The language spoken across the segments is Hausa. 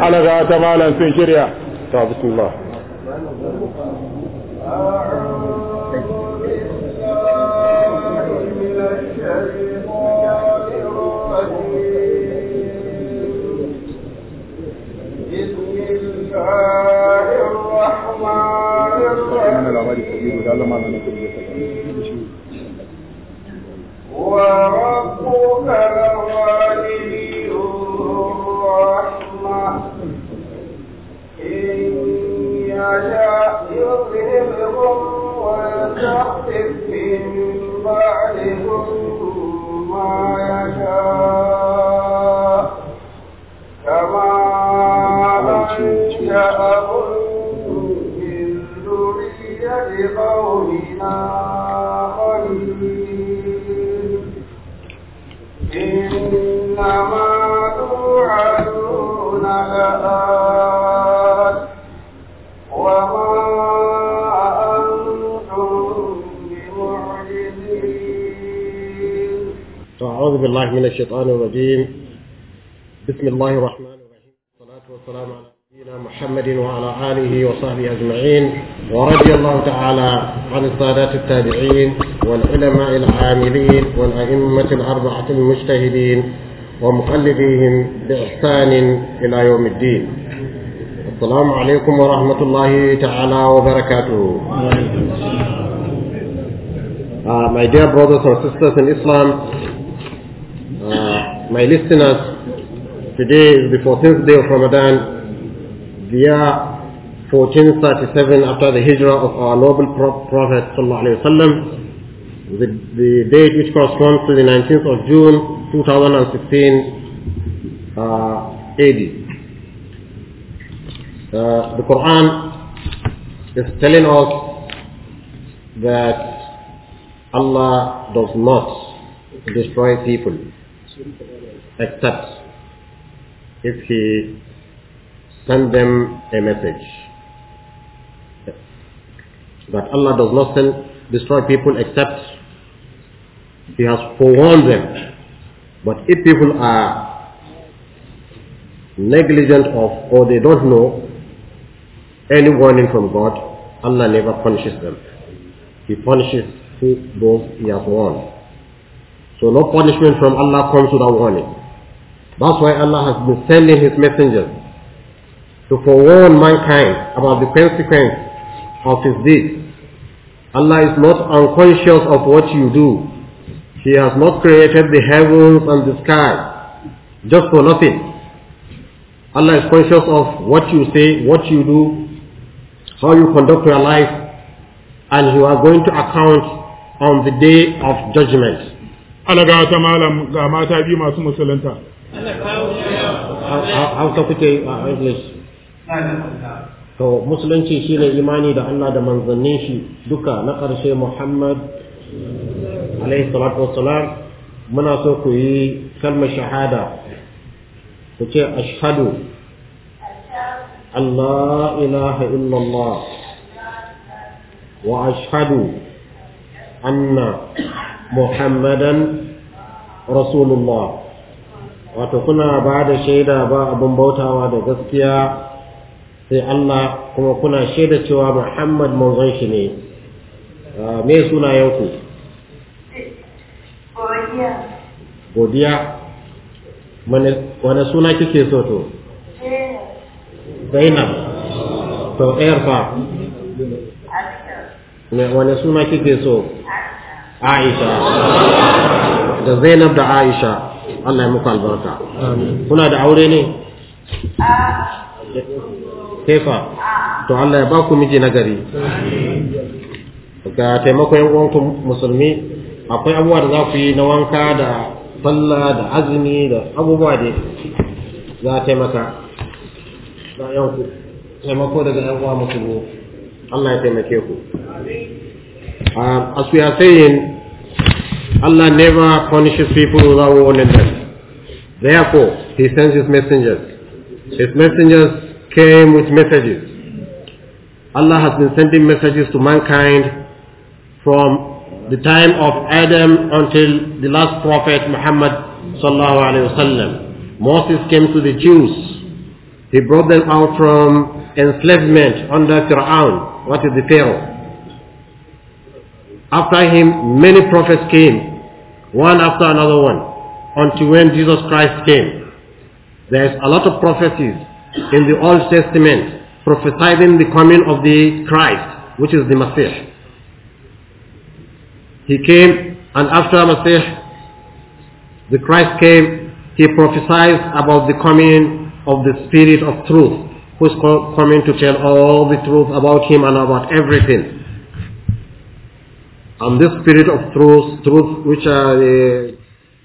حلقة تمالا في شريعة طيب بسم الله أعوذ بالله من الشيطان الرجيم بسم الله الرحمن الرحيم بالله من الشيطان الرجيم بسم الله الرحمن الرحيم والصلاة والسلام على سيدنا محمد وعلى آله وصحبه أجمعين ورضي الله تعالى عن السادات التابعين والعلماء العاملين والأئمة الأربعة المجتهدين ومقلديهم بإحسان إلى يوم الدين السلام عليكم ورحمة الله تعالى وبركاته Uh, my dear brothers and sisters in Islam, my listeners, today is the 14th day of Ramadan, the year 1437 after the hijrah of our noble Prophet ﷺ, the, the date which corresponds to the 19th of June 2016 uh, AD. Uh, the Quran is telling us that Allah does not destroy people except if he send them a message. That Allah does not send, destroy people except He has forewarned them. But if people are negligent of or they don't know any warning from God, Allah never punishes them. He punishes who those He has warned. So no punishment from Allah comes without warning. That's why Allah has been sending his messengers to forewarn mankind about the consequence of his deeds. Allah is not unconscious of what you do. He has not created the heavens and the sky just for nothing. Allah is conscious of what you say, what you do, how you conduct your life, and you are going to account on the day of judgment. alaga ta malam ga mata biyu masu musulunta hausa kuke a english to musulunci shine imani da Allah da manzannin shi duka na ƙarshe Muhammad alaihi salatu wassalam muna so ku yi kalmar shahada ku ce ashhadu Allah ilaha illallah wa ashadu anna Muhammadan محمدا رسول الله da shaida ba با bautawa da gaskiya sai Allah kuma kuna شيدا cewa Muhammad manzon shi ne ah, me suna yanku godiya godiya wani suna kike so to Zainab to ɗayar fa wani suna kike so Aisha da Zainab da Aisha Allah ya muku albarka kuna da aure ne kefa to Allah ya ba ku miji nagari ga taimakon yan uwanku musulmi akwai abubuwa da za ku yi na wanka da falla da azumi da abubuwa da za a taimaka da yanku taimako daga yan uwa musulmi Allah ya taimake ku Um, as we are saying, Allah never punishes people without warning them. Therefore, He sends His messengers. His messengers came with messages. Allah has been sending messages to mankind from the time of Adam until the last prophet Muhammad sallallahu alaihi wasallam. Moses came to the Jews. He brought them out from enslavement under Fir'aun, what is the Pharaoh. After him, many prophets came, one after another one, until when Jesus Christ came. There's a lot of prophecies in the Old Testament prophesying the coming of the Christ, which is the Messiah. He came, and after Messiah, the Christ came, he prophesied about the coming of the Spirit of Truth, who's coming to tell all the truth about him and about everything. And this spirit of truth, truth which uh, the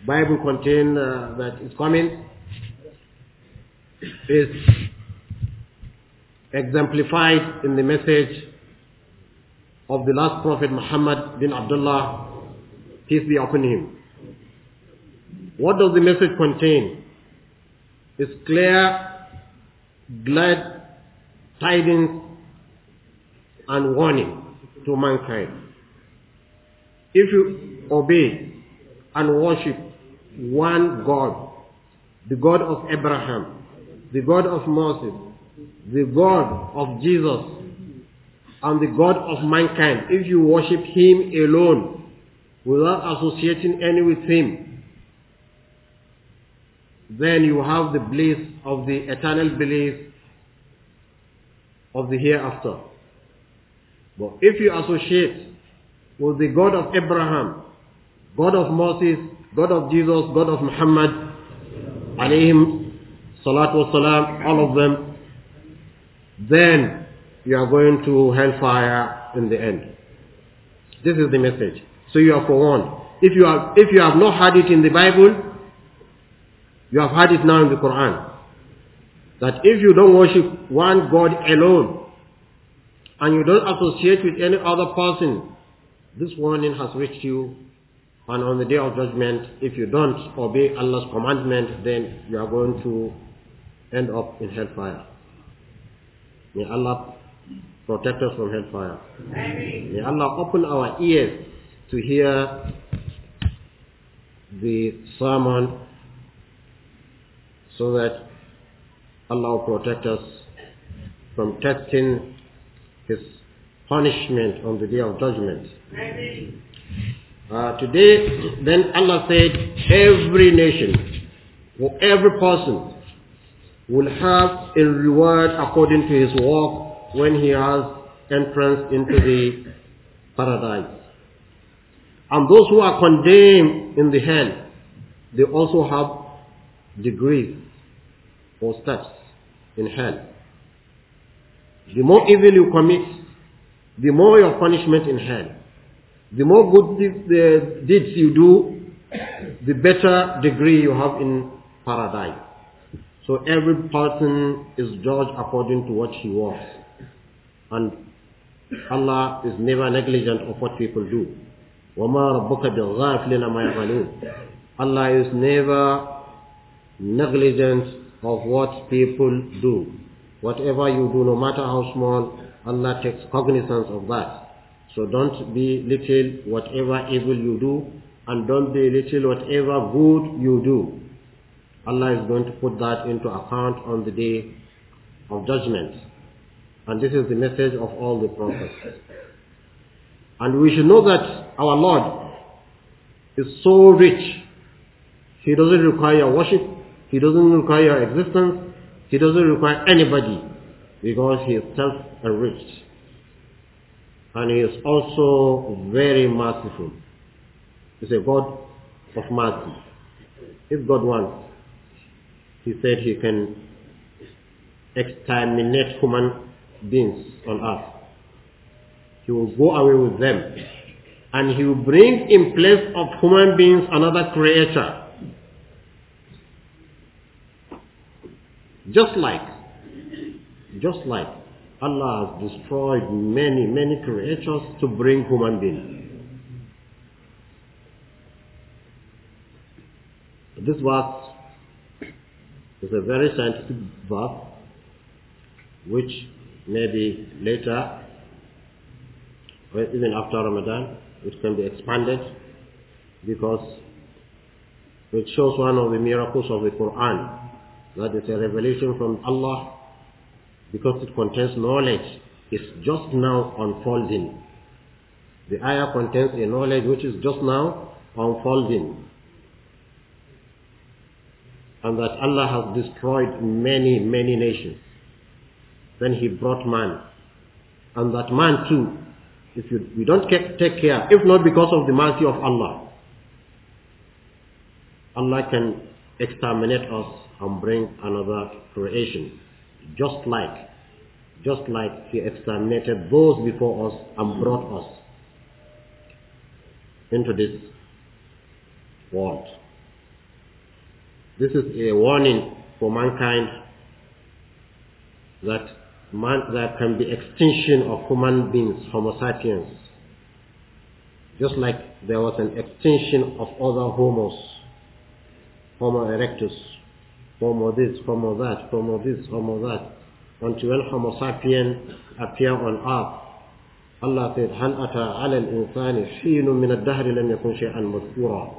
Bible contains uh, that is coming, is exemplified in the message of the last prophet Muhammad bin Abdullah, peace be upon him. What does the message contain? It's clear, glad tidings and warning to mankind. If you obey and worship one God, the God of Abraham, the God of Moses, the God of Jesus, and the God of mankind, if you worship him alone, without associating any with him, then you have the bliss of the eternal bliss of the hereafter. But if you associate was the God of Abraham, God of Moses, God of Jesus, God of Muhammad, alayhim salatu wasalam, all of them, then you are going to hellfire in the end. This is the message. So you are forewarned. If you, have, if you have not had it in the Bible, you have had it now in the Quran. That if you don't worship one God alone, and you don't associate with any other person this warning has reached you and on the day of judgment, if you don't obey Allah's commandment, then you are going to end up in hellfire. May Allah protect us from hellfire. May Allah open our ears to hear the sermon so that Allah will protect us from testing His punishment on the day of judgment. Uh, today, then Allah said, every nation, or every person, will have a reward according to his work when he has entrance into the paradise. And those who are condemned in the hell, they also have degrees or steps in hell. The more evil you commit, the more your punishment in hell. The more good deeds you do, the better degree you have in paradise. So every person is judged according to what he was. And Allah is never negligent of what people do. وَمَا رَبُّكَ بِالْغَافِلِينَ مَا Allah is never negligent of what people do. Whatever you do, no matter how small, Allah takes cognizance of that. So don't be little whatever evil you do, and don't be little whatever good you do. Allah is going to put that into account on the day of judgment. And this is the message of all the prophets. And we should know that our Lord is so rich. He doesn't require worship. He doesn't require existence. He doesn't require anybody because he is self-enriched. And he is also very merciful. He's a God of mercy. If God wants, he said he can exterminate human beings on earth. He will go away with them. And he will bring in place of human beings another creature, Just like just like Allah has destroyed many, many creatures to bring human beings. This verse is a very scientific verse which maybe later or even after Ramadan it can be expanded because it shows one of the miracles of the Quran that it's a revelation from Allah because it contains knowledge, is just now unfolding. The ayah contains a knowledge which is just now unfolding. And that Allah has destroyed many, many nations. Then he brought man. And that man too, if you, we don't take care, if not because of the mercy of Allah, Allah can exterminate us and bring another creation. Just like just like he exterminated those before us and brought us into this world. This is a warning for mankind that man, there can be extinction of human beings, homo sapiens, just like there was an extinction of other homos, homo erectus, homo this, homo that, homo this, homo that, until when Homo sapiens appear on earth. Allah said, هل أتى على الإنسان حين من الدهر لم يكن شيئا مذكورا.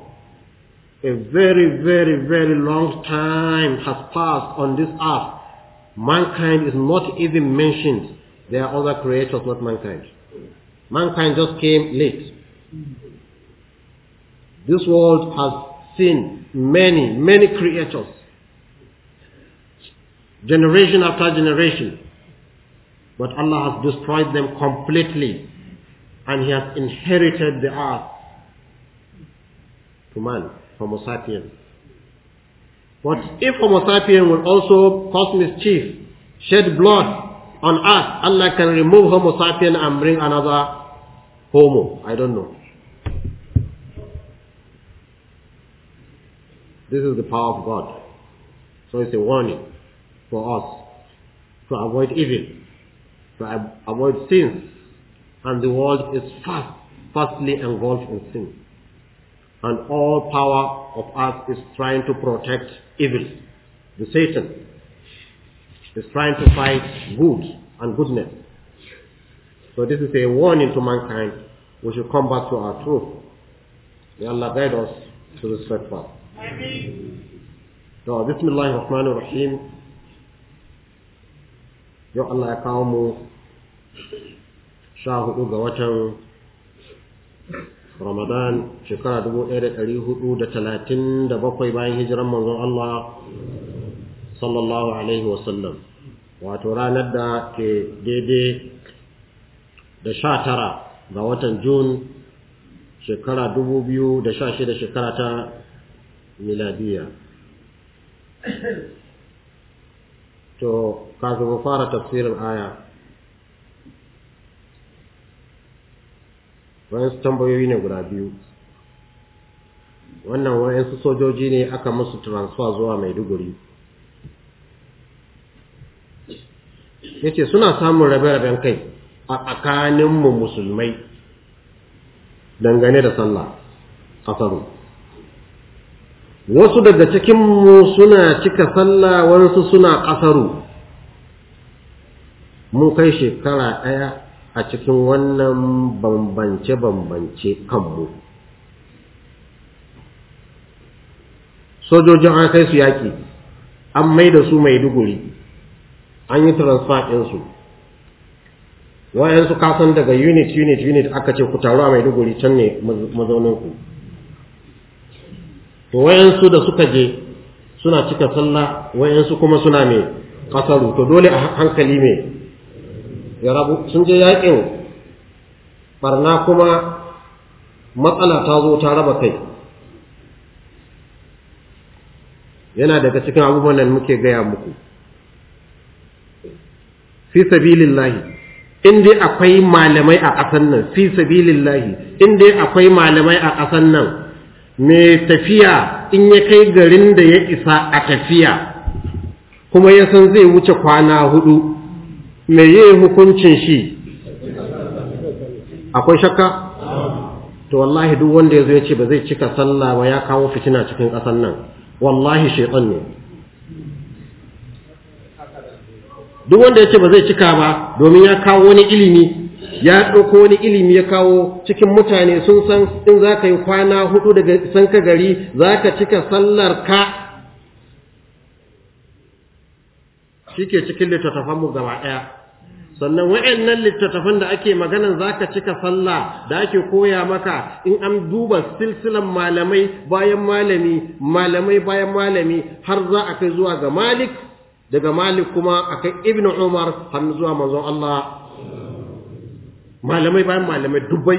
A very, very, very long time has passed on this earth. Mankind is not even mentioned. There are other creators, not mankind. Mankind just came late. This world has seen many, many creators generation after generation. But Allah has destroyed them completely and He has inherited the earth to man, Homo sapiens. But if Homo sapiens will also cause mischief, shed blood on earth, Allah can remove Homo sapiens and bring another Homo. I don't know. This is the power of God. So it's a warning for us to avoid evil, to avoid sins. And the world is fast, fastly engulfed in sin. And all power of us is trying to protect evil, the Satan. is trying to fight good and goodness. So this is a warning to mankind. We should come back to our truth. May Allah guide us to the straight path. So, Bismillah ar-Rahman ar-Rahim. yau Allah ya kawo mu sha hudu ga watan Ramadan shekara dubu ɗaya da ɗari hudu da talatin da bakwai bayan hijiran manzon Allah sallallahu alaihi wasallam wato ranar da ke daidai da sha tara ga watan Jun shekara dubu biyu da sha shida shekara ta miladiya. To, kafin mu fara tafsirin aya wayansu tambayoyi ne guda biyu wannan wayansu sojoji ne aka musu transfer zuwa maiduguri ya ce suna samun rabe-raben kai a tsakaninmu musulmai dangane da sallah ƙasaru wasu daga cikinmu suna cika sallah wasu suna ƙasaru mu kai shekara ɗaya a cikin wannan bambance-bambance kanmu sojojin an kai su yaƙi an mai da su mai duguri an yi transfer ɗinsu wayansu kasan daga unit unit unit aka ce ku taru a mai duguri can ne mazauninku to wayansu da suka je suna cika sallah wayansu kuma suna mai kasaru to dole a hankali mai ya rabu sun je yaƙin barna kuma matsala ta zo ta raba kai yana daga cikin abubuwan nan muke gaya muku fi sabilillahi in dai akwai malamai a ƙasan nan fi sabilillahi in dai akwai malamai a ƙasan nan mai tafiya in ya kai garin da ya isa a tafiya kuma ya san zai wuce kwana hudu me yi hukuncin shi akwai shakka to wallahi duk wanda yazo yace ba zai cika sallah ba ya kawo fitina cikin ƙasar nan wallahi shaytan ne duk wanda yace ba zai cika ba domin ya kawo wani ilimi ya ɗauko wani ilimi ya kawo cikin mutane sun san in za ka yi kwana hudu daga ka gari za ka cika sallar ka shi ke cikin mu gaba ɗaya sannan wa'annan littattafan da ake maganan zaka cika sallah da ake koya maka in an duba silsilan malamai bayan malami malamai bayan malami har za a kai zuwa ga Malik daga Malik kuma akai Ibn Umar har zuwa manzon Allah malamai bayan malamai dubbai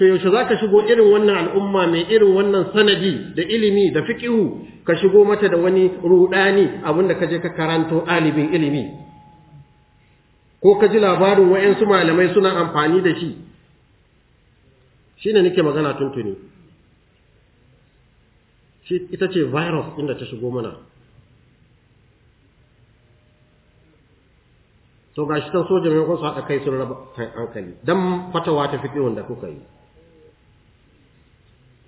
to yaushe zaka shigo irin wannan al'umma mai irin wannan sanadi da ilimi da fiqhu ka shigo mata da wani rudani abinda kaje ka karanto alibin ilimi ko ka ji labarin wa'yansu malamai suna amfani da shi shi ne nake magana tuntuni ita ce virus inda ta shigo mana to ga shi ta soja maimakon su haɗa kai sun raba hankali don fatawa ta fi da kuka yi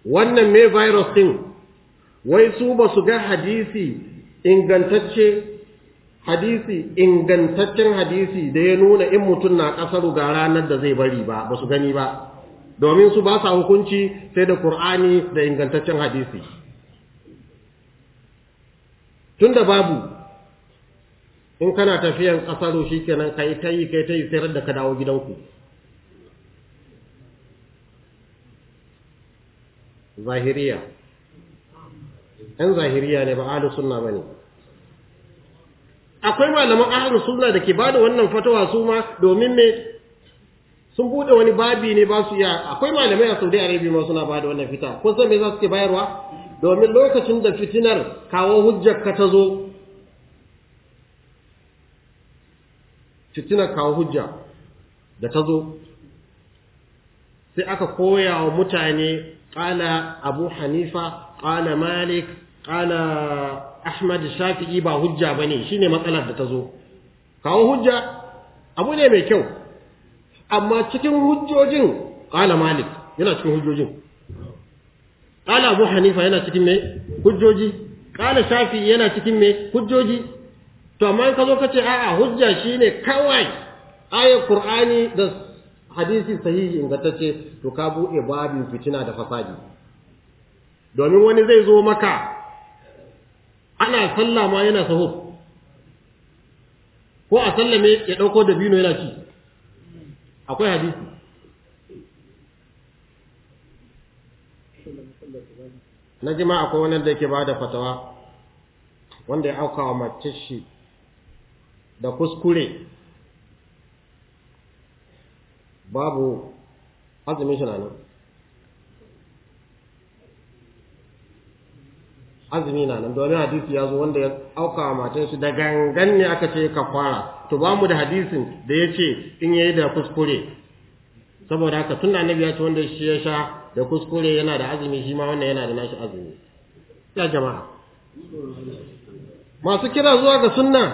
wannan mai virus ɗin wai su ba su ga hadisi ingantacce hadisi ingantaccen hadisi da ya nuna in mutum na ƙasar ga ranar da zai bari ba ba su gani ba domin su ba sa hukunci sai da ƙur'ani da ingantaccen hadisi tun da babu in kana tafiyan ƙasar shi kenan ka yi ta yi ka yi ta yi sayar da ka dawo gidanku zahiriya ‘yan zahiriya ne ba alisunna sunna ba ne akwai malaman ahlus sunna da ke bada wannan fatawa su ma domin me sun bude wani babi ne ba su iya akwai malamai a Saudi Arabia ma suna bada wannan fita kun san me za su ke bayarwa domin lokacin da fitinar kawo hujjar ka ta zo fitinar kawo hujja da ta zo sai aka koya wa mutane ƙala abu hanifa ƙala malik ƙala Ahmad Shafi'i ba hujja bane shine matsalar da ta zo kawo hujja abu ne mai kyau amma cikin hujjojin qala Malik yana cikin hujjojin qala Abu Hanifa yana cikin me hujjoji qala Shafi'i yana cikin me hujjoji to amma in ka zo ka ce a'a hujja shine kawai ayat Qur'ani da hadisi sahihi ingantacce to ka buɗe babin fitina da fasadi domin wani zai zo maka ana sallah ma yana saho ko a sallame ya ɗauko da bino yana ci akwai hadisi na jima akwai wani da yake ba da fatawa wanda ya auka wa mace shi da kuskure babu azumin shi na nan azumi na nan domin hadisi ya zo wanda ya auka wa matan shi da gangan ne aka ce ka fara to ba mu da hadisin da ya ce in yayi da kuskure saboda haka tun da annabi ya ce wanda shi ya sha da kuskure yana da azumi shi ma wannan yana da nashi azumi ya jama'a masu kira zuwa ga sunna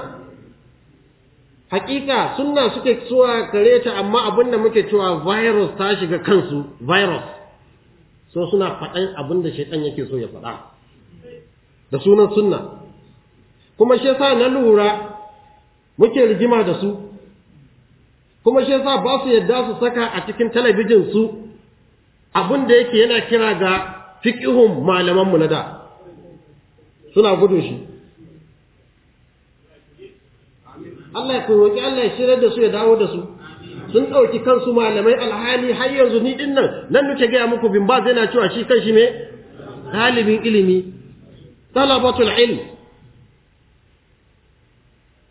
hakika sunna suke zuwa kareta ta amma abin da muke cewa virus ta shiga kansu virus so suna faɗan abin da shaitan yake so ya faɗa da sunan sunna kuma shi yasa na lura muke rigima da su kuma shi yasa ba su yadda su saka a cikin talabijin su abin da yake yana kira ga fiqihun malaman mu na da suna gudun shi Allah ya roki Allah ya shirar da su ya dawo da su sun ɗauki kansu malamai alhali har yanzu ni dinnan, nan nan nuke gaya muku bin ba zai na cewa shi kan shi me Dalibin ilimi طلبة العلم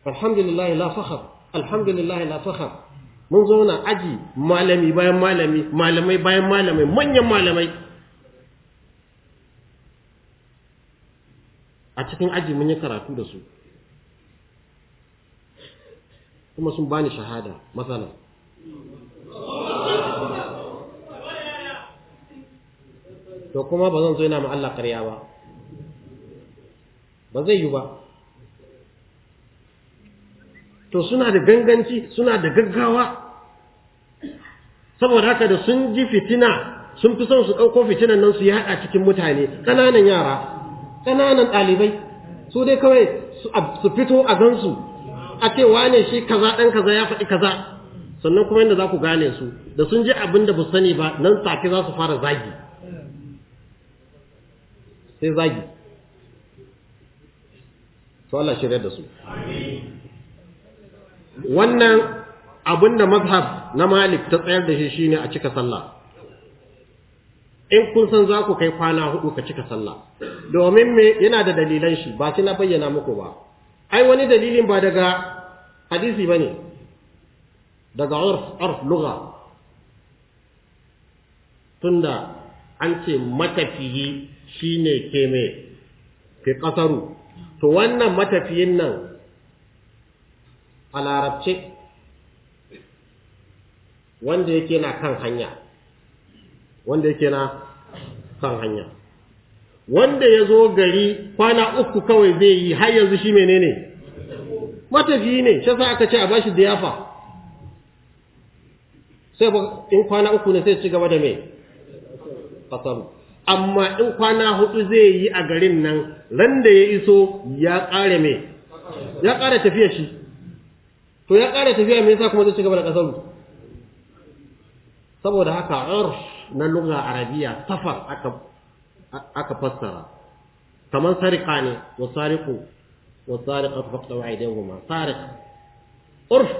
الحمد لله لا فخر الحمد لله لا فخر mun zauna aji malami bayan malami malamai bayan malamai manyan malamai a cikin aji mun yi karatu da su kuma sun bani shahada matsala to kuma ba zan zo yana ma Allah ƙarya ba ba zai yi ba to suna da ganganci suna da gaggawa saboda haka da sun ji fitina sun fi son su ɗauko fitinan nan su yaɗa cikin mutane ƙananan yara ƙananan ɗalibai su dai kawai su fito a gansu a ce wane shi kaza ɗan kaza ya faɗi kaza sannan kuma yadda za ku gane su da sun ji abin da ba sani ba nan take za su fara zagi sai zagi to Allah shirya da su wannan abin da mazhab na malik ta tsayar da shi shi ne a cika sallah in kun san za ku kai kwana hudu ka cika sallah domin me yana da dalilan shi ba shi na bayyana muku ba ai wani dalilin ba daga hadisi ne, daga urf urf tun tunda an ce matafiyi shine ke me ke kasaru to wannan matafiyin nan a larabce wanda yake na kan hanya wanda yake na kan hanya wanda ya zo gari kwana uku kawai zai yi har yanzu shi menene matafiyi ne shi sa aka ce a bashi diyafa sai in kwana uku ne sai ci gaba da mai kasaru amma in kwana hudu zai yi a garin nan ran da ya iso ya ƙare mai ya ƙara tafiya shi to ya ƙara tafiya mai sa kuma zai ci gaba da ƙasar saboda haka urf na lugha arabiya safar aka aka fassara kamar sarika ne wa sariku wa sariqatu faqtu aydihuma sariq urf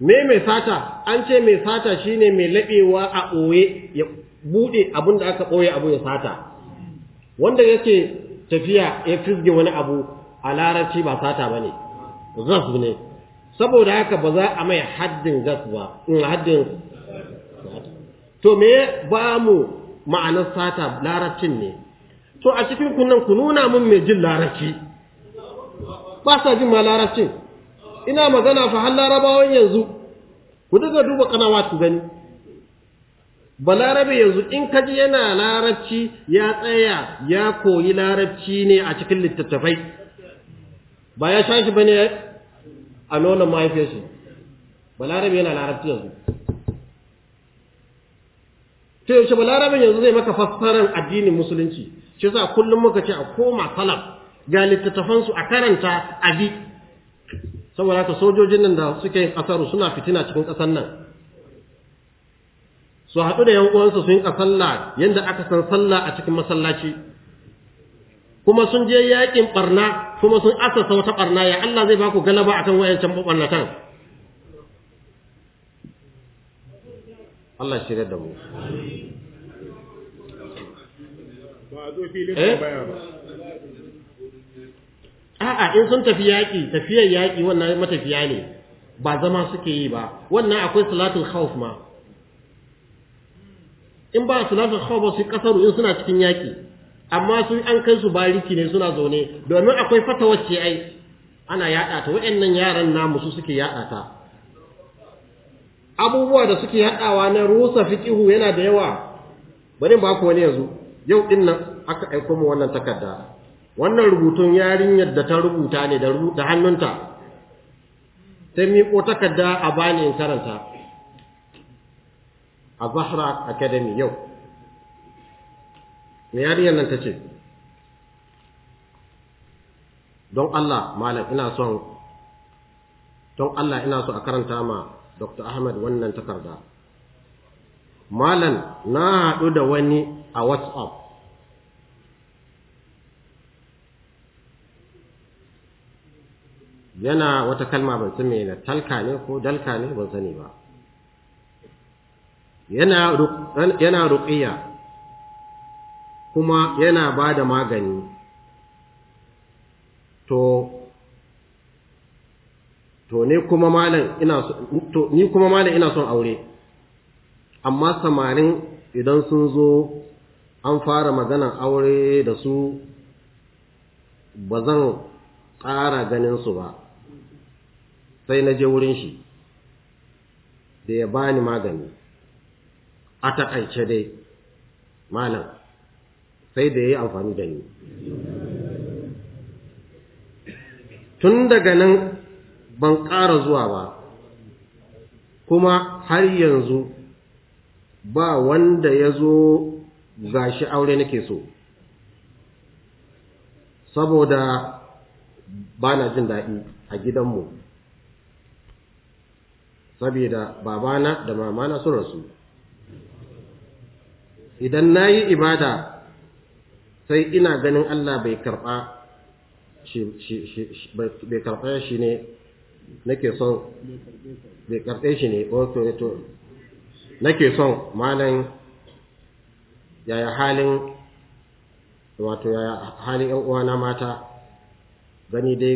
me mai sata an ce mai sata shine mai labewa a ɓoye Buɗe abin da aka ɓoye abu ya sata wanda yake tafiya ya fizge wani abu a larabci ba sata ba ne gas ne saboda haka ba za a mai haddin gas ba in haddin to me ba mu ma'anar sata larabcin ne to a cikin kunnan ku nuna mun mai jin larabci ba sa jin ma larabcin ina magana fa har larabawan yanzu ku daga duba kanawa ku gani balarabe yanzu in kaji yana larabci ya tsaya ya koyi larabci ne a cikin littattafai ba ya sha shi ba ne a nonon mahaifiyarsu balarabe yana larabci yanzu to yaushe balarabe yanzu zai maka fassarar addinin musulunci shi yasa kullum muka ce a koma Salam, ga littattafansu a karanta abi saboda ka sojojin nan da suke yin ƙasar suna fitina cikin ƙasar nan su haɗu da yankuwansu sun ka sallah yadda aka san sallah a cikin masallaci kuma sun je yaƙin ɓarna, kuma sun asasa wata ɓarna ya Allah zai baku galaba akan wayancan barnatan Allah shirya da mu eh? a'a in sun tafi yaƙi tafiyar yaƙi wannan matafiya ne ba zama suke yi ba wannan akwai salatul khawf ma in ba su sulafin ba su kasaru in suna cikin yaƙi, amma sun an kai su bariki ne suna zaune domin akwai fata wacce ai ana yaɗa ta Waɗannan yaran namu su suke yaɗa ta abubuwa da suke yaɗawa na rusa fiqihu yana da yawa bari ba ku wani yanzu yau din nan aka aika mu wannan takarda wannan rubutun yarinyar da ta rubuta ne da hannunta ta miƙo takarda a bani in karanta a Zahra Academy yau me yariyar nan ce don Allah malam ina son don Allah ina so a karanta ma Dr. Ahmad wannan takarda malam na haɗu da wani a WhatsApp yana wata kalma ban san me na talka ne ko dalka ne ban sani ba yana yana kuma yana bada magani to to ne kuma malam ina to ni kuma malam ina son aure amma samarin idan sun zo an fara maganan aure da su ba zan ƙara ganin su ba sai na je wurin shi da ya bani magani a taƙaice dai malam sai da ya yi amfani da ni tun daga nan ban ƙara zuwa ba kuma har yanzu ba wanda ya zo gashi aure nake so saboda ba na jin daɗi a gidanmu saboda babana da mamana sun rasu idan na yi ibada sai ina ganin Allah bai karɓa bai karɓa shi ne nake son bai karɓe shi ne wato to nake son malam yaya halin wato yaya halin yan uwana mata gani dai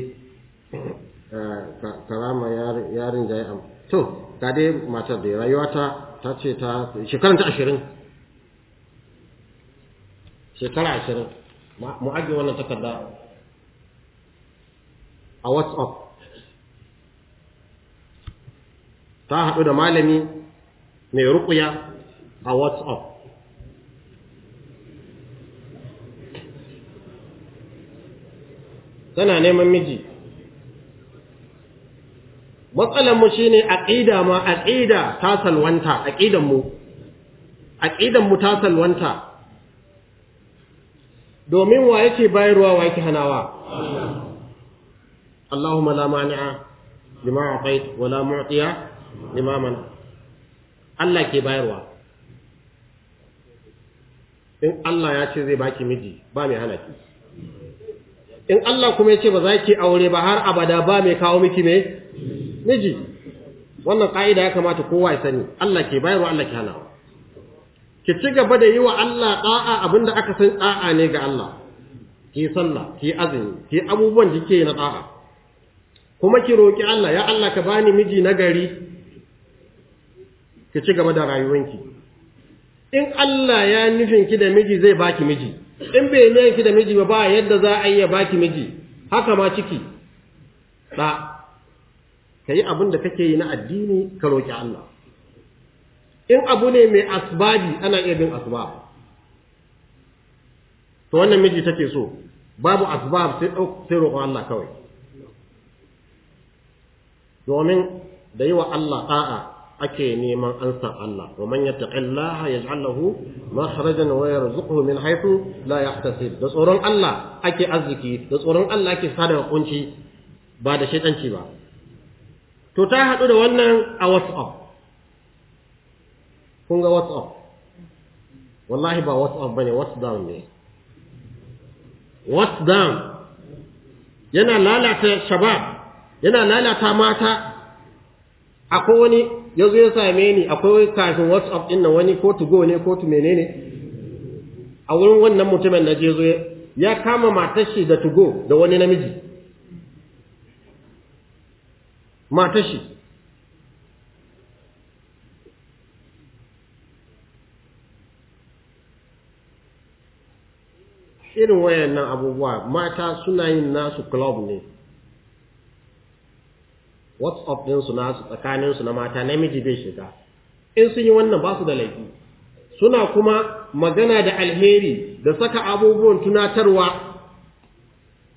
eh, karama yarin jayi to ga dai matar da rayuwata ta ce ta shekaranta ashirin shekara ashirin mu ajiye wannan takarda a whatsapp ta haɗu da malami mai rukuya a whatsapp tana neman miji matsalanmu shi ne aƙida ma aƙida ta salwanta aƙidanmu aƙidanmu ta salwanta domin wa yake bayarwa wa yake hanawa Allahumma la mani'a lima aqait wa la mu'tiya lima mana Allah ke bayarwa in Allah ya ce zai baki miji ba mai hana ki in Allah kuma ya ce ba za ki aure ba har abada ba mai kawo miki mai miji wannan ka'ida ya kamata kowa ya sani Allah ke bayarwa Allah ke hanawa ki ci gaba da yi wa Allah da'a abinda aka san da'a ne ga Allah ki sallah ki azumi ki abubuwan da kike na da'a kuma ki roki Allah ya Allah ka bani miji na gari ki ci gaba da rayuwanki in Allah ya nufin ki da miji zai baki miji in bai nufin ki da miji ba ba yadda za a yi ya baki miji haka ma ciki da ka yi abin da kake yi na addini ka roki Allah in abu ne mai asbabi ana iya bin asbab to wannan miji take so babu asbab sai sai roƙon Allah kawai domin da yi wa Allah a'a ake neman ansa Allah wa man yattaqillaha yaj'al lahu makhrajan wa yarzuquhu min haythu la yahtasib da tsoron Allah ake arziki da tsoron Allah ake sadaka kunci ba da shaytanci ba to ta hadu da wannan a WhatsApp kun ga whatsapp wallahi ba whatsapp bane whatsapp ne whatsapp yana lalata shabab yana lalata mata akwai wani ya zo ya same ni akwai kafin whatsapp din nan wani ko to go ne ko to menene a wurin wannan mutumin na je zo ya kama matar shi da to go da wani namiji matar shi irin wayannan abubuwa mata suna yin nasu club ne whatsapp ɗinsu nasu tsakaninsu na mata namiji bai shiga in sun yi wannan ba su da laifi suna kuma magana da alheri da saka abubuwan tunatarwa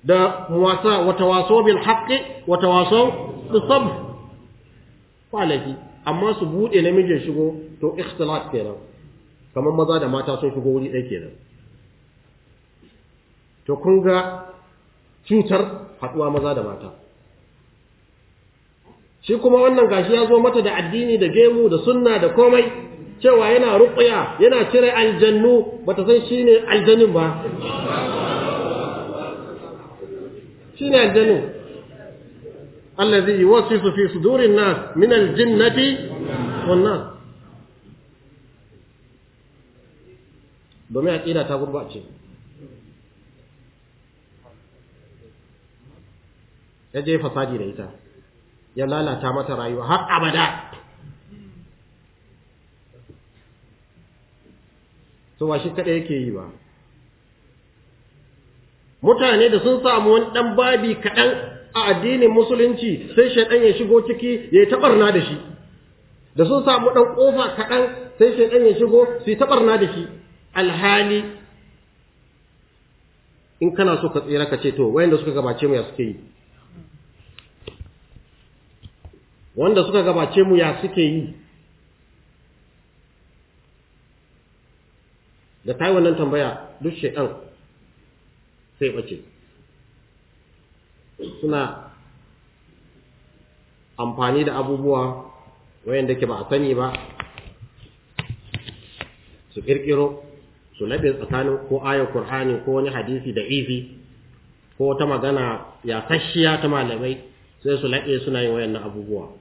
da wasa wata waso bil haqqi wata waso bis sabr ba laifi amma su bude namijin shigo to ikhtilat kenan kamar maza da mata sun shigo wuri ɗaya kenan to kun ga cutar haɗuwa maza da mata shi kuma wannan gashi ya zo mata da addini da gemu da sunna da komai cewa yana ruqya yana cire aljannu bata san shine aljanin ba shine aljannu allazi yuwasifu fi sudurin nas min aljinnati wan nas domin aqida ta gurbace ya je fasadi da ita ya lalata mata rayuwa har abada to wa shi kada yake yi ba mutane da sun samu wani dan babi kaɗan a addinin musulunci sai shaidan ya shigo ciki ya tabarna da shi da sun samu ɗan ƙofa kaɗan sai shaidan ya shigo su yi da shi alhali in kana so ka tsira ka ce to wayanda suka gabace mu ya suke yi wanda suka gabace mu ya suke yi da ta yi wannan tambaya duk shekan sai ɓace suna amfani da abubuwa wayanda ke ba a sani ba su ƙirƙiro su laɓe tsakanin ko ayar ƙur'ani ko wani hadisi da ifi ko ta magana ya kashiya ta malamai sai su laɓe suna yin wayannan abubuwa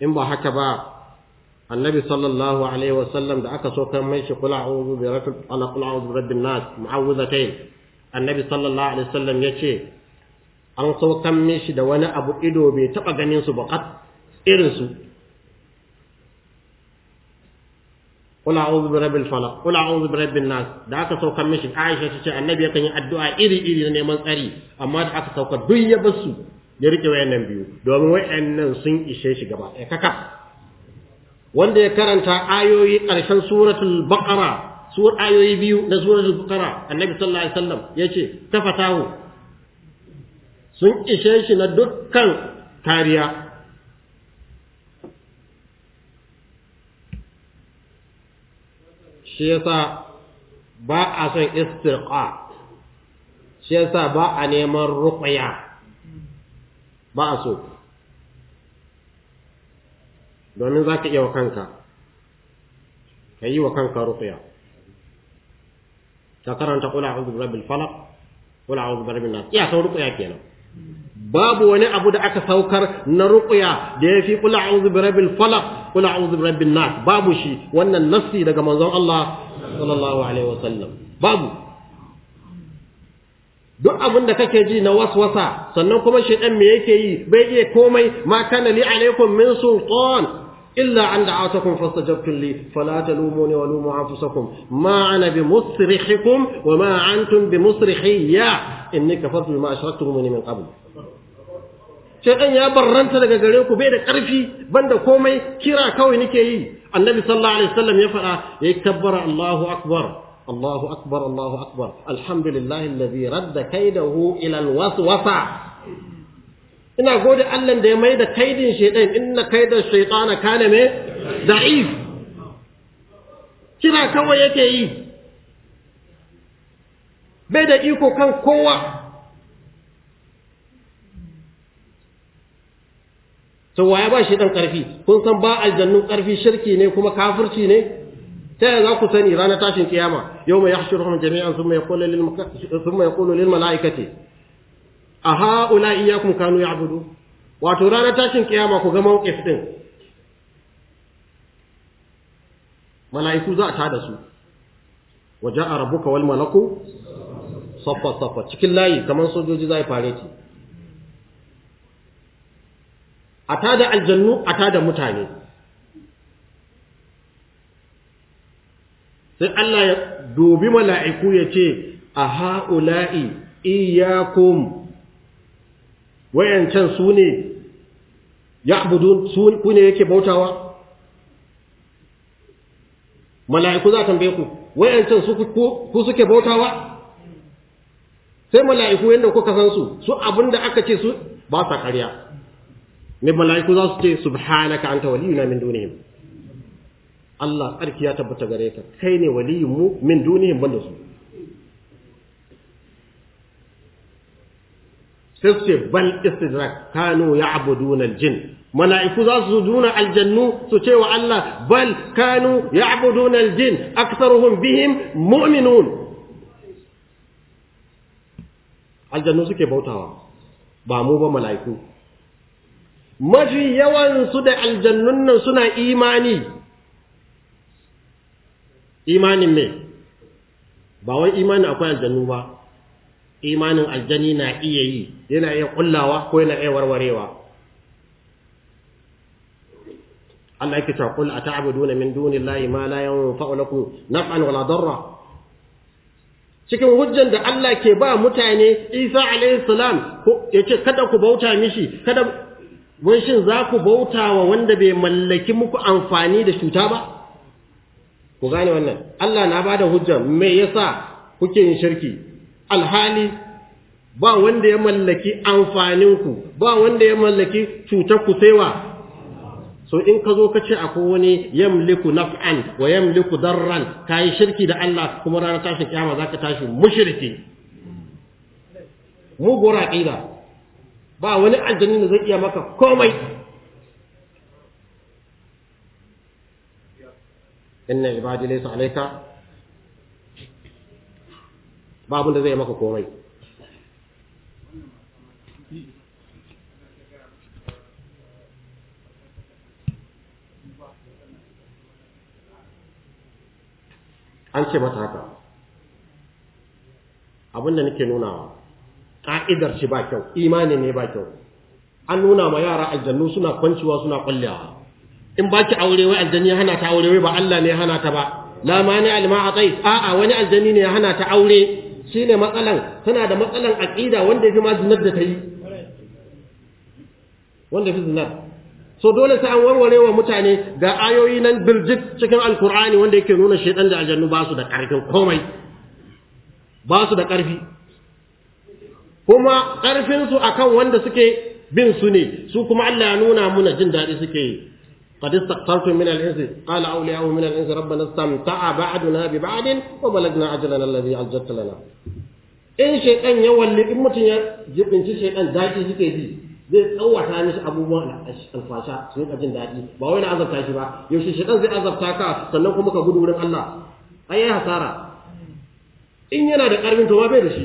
in ba haka ba annabi sallallahu alaihi wa sallam da aka so kan mai shi kula a'udhu bi rabbil ala kula a'udhu bi rabbin nas mu'awwidhatayn annabi sallallahu alaihi wasallam yace an so kan mai shi da wani abu ido bai taba ganin su ba kat irin su kula a'udhu bi rabbil falaq kula a'udhu bi rabbin nas da aka so kan mai shi Aisha ce annabi yakan yi addu'a iri iri na neman tsari amma da aka sauka duk ya su. ya rike wayannan biyu domin wayannan sun ishe shi gaba ɗaya kaka wanda ya karanta ayoyi ƙarshen suratul baqara sur ayoyi biyu na suratul baqara annabi sallallahu alaihi wasallam yace tafatahu sun ishe shi na dukkan kariya shi yasa ba a son istiqa shi yasa ba a neman ruqya ba a so domin za ka iya wa kanka ka yi wa kanka ruqya ka karanta qul a'udhu bi rabbil falaq qul a'udhu bi iya sau ruqya kenan babu wani abu da aka saukar na ruqya da yafi qul a'udhu bi rabbil falaq qul a'udhu bi rabbin nas babu shi wannan nassi daga manzon Allah sallallahu alaihi wasallam babu duk abin da kake ji na waswasa sannan kuma shedan me yake yi bai iya komai ma kana li alaikum min sultan illa an da'atukum fastajabtum li fala talumuni wa lumu anfusakum ma ana bimusrihikum wa ma antum bimusrihiyya inni kafartu bima ashraktum min qabl shedan ya barranta daga gare ku bai da karfi banda komai kira kawai nake yi annabi sallallahu alaihi wasallam ya fada yayi tabbara allahu akbar الله أكبر الله أكبر الحمد لله الذي رد كيده إلى الوسوسة ina gode Allah da ya mai da kaidin shaidan inna kaidar shaitana kana me da'if kira kawai yake yi bai da iko kan kowa to waye ba shi dan karfi kun san ba aljannun karfi shirki ne kuma kafirci ne ta yaya za ku sani ranar tashin kiyama yau mai ya jami'an ruhun jami'an sun mai yaqulu lil malaikati a ha'ula Kano kanu ya'budu wato ranar tashin kiyama ku ga mawqif ɗin? mala'iku za a da su a rabu kawal malaku saffa saffa cikin layi kamar sojoji za a fare ki a da aljannu a ta da mutane sai Allah ya dubi mala'iku ya ce a ha'ula'i iyakum wayancan su ne ya abudu su ku ne yake bautawa mala'iku za tambaye ku wayancan su ku suke bautawa sai mala'iku yadda kuka san su su da aka ce su ba sa ƙarya ne mala'iku za su ce subhanaka anta na min duniya. Allah tsarki ya tabbata gare ka kai ne waliyin mu min duniyin banda su sai su ce bal istidrak kanu ya'buduna al-jinn mala'iku za su duna aljannu su ce wa Allah bal kanu ya'buduna al-jinn aktharuhum bihim mu'minun aljannu suke bautawa ba mu ba mala'iku mafi yawan su da aljannun nan suna imani imanin me ba wai imanin akwai aljannu ba imanin aljani na iya yi yana iya kullawa ko yana iya warwarewa Allah yake cewa kullu ata'buduna min dunillahi ma la yanfa'u lakum naf'an wala darra cikin hujjan da Allah ke ba mutane Isa alayhi salam ko yace kada ku bauta mishi kada wai shin za ku bauta wa wanda bai mallaki muku amfani da cuta ba ku gane wannan Allah na bada hujja me yasa kuke yin shirki alhali ba wanda ya mallaki amfanin ku ba wanda ya mallaki cutar ku saiwa so in ka zo ka ce akwai wani yamliku naf'an wa yamliku darran kai shirki da Allah kuma ranar tashin za zaka tashi mushriki mu gora ba wani aljanni da zai iya maka komai inna ibadi laysa alayka babu abin da zai maka komai an ce mata haka abin da nake nunawa ka'idar shi ba kyau imani ne ba kyau an nuna ma yara aljannu suna kwanciwa suna kwallewa in baki aure wai aljani ya hana ta aure wai ba Allah ne ya hana ta ba la mani alma a a'a wani aljani ne ya hana ta aure shine matsalan tana da matsalan aqida wanda yafi ma zinar da ta yi wanda yafi zinar so dole sai an warware wa mutane ga ayoyi nan biljit cikin alqur'ani wanda yake nuna shaitan da aljannu ba su da karfin komai ba su da karfi kuma karfin su akan wanda suke bin su ne su kuma Allah ya nuna muna jin daɗi suke yi قد استكثرتم من الإنس قال أولياؤه من الإنس ربنا استمتع بعدنا ببعد وبلغنا أجلنا الذي أجلت لنا in shaidan ya walle in mutum ya jibinci shaidan daɗi suke ji zai tsawata mishi abubuwan alfasha su yi jin daɗi ba wani na azabta shi ba yaushe shaidan zai azabta ka sannan kuma ka gudu wurin Allah ai ya hasara in yana da ƙarfin to bai da shi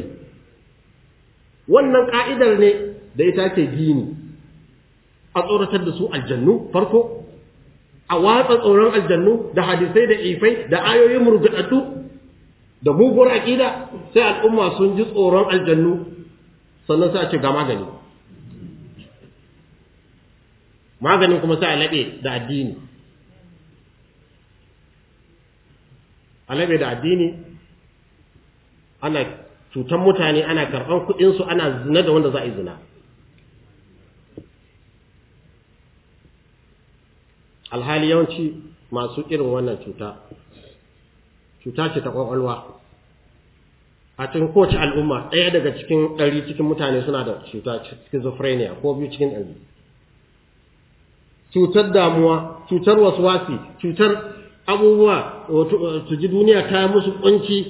wannan ka'idar ne da ita ke gini a tsoratar da su aljannu farko a watsa tsoron aljannu da hadisai da ifai da ayoyin murgadaddu da muguwar aƙida sai al'umma sun ji tsoron aljannu sannan sai a ce ga magani maganin kuma sai a laɓe da addini a laɓe da addini ana cutan mutane ana karɓar kuɗinsu ana zina da wanda za a yi zina alhali yawanci masu irin wannan cuta cuta ce ta kwakwalwa a cikin kowace al'umma ɗaya daga cikin ɗari cikin mutane suna da cuta schizophrenia ko biyu cikin ɗari cutar damuwa cutar waswasi cutar abubuwa eh, su ji duniya ta yi musu ƙunci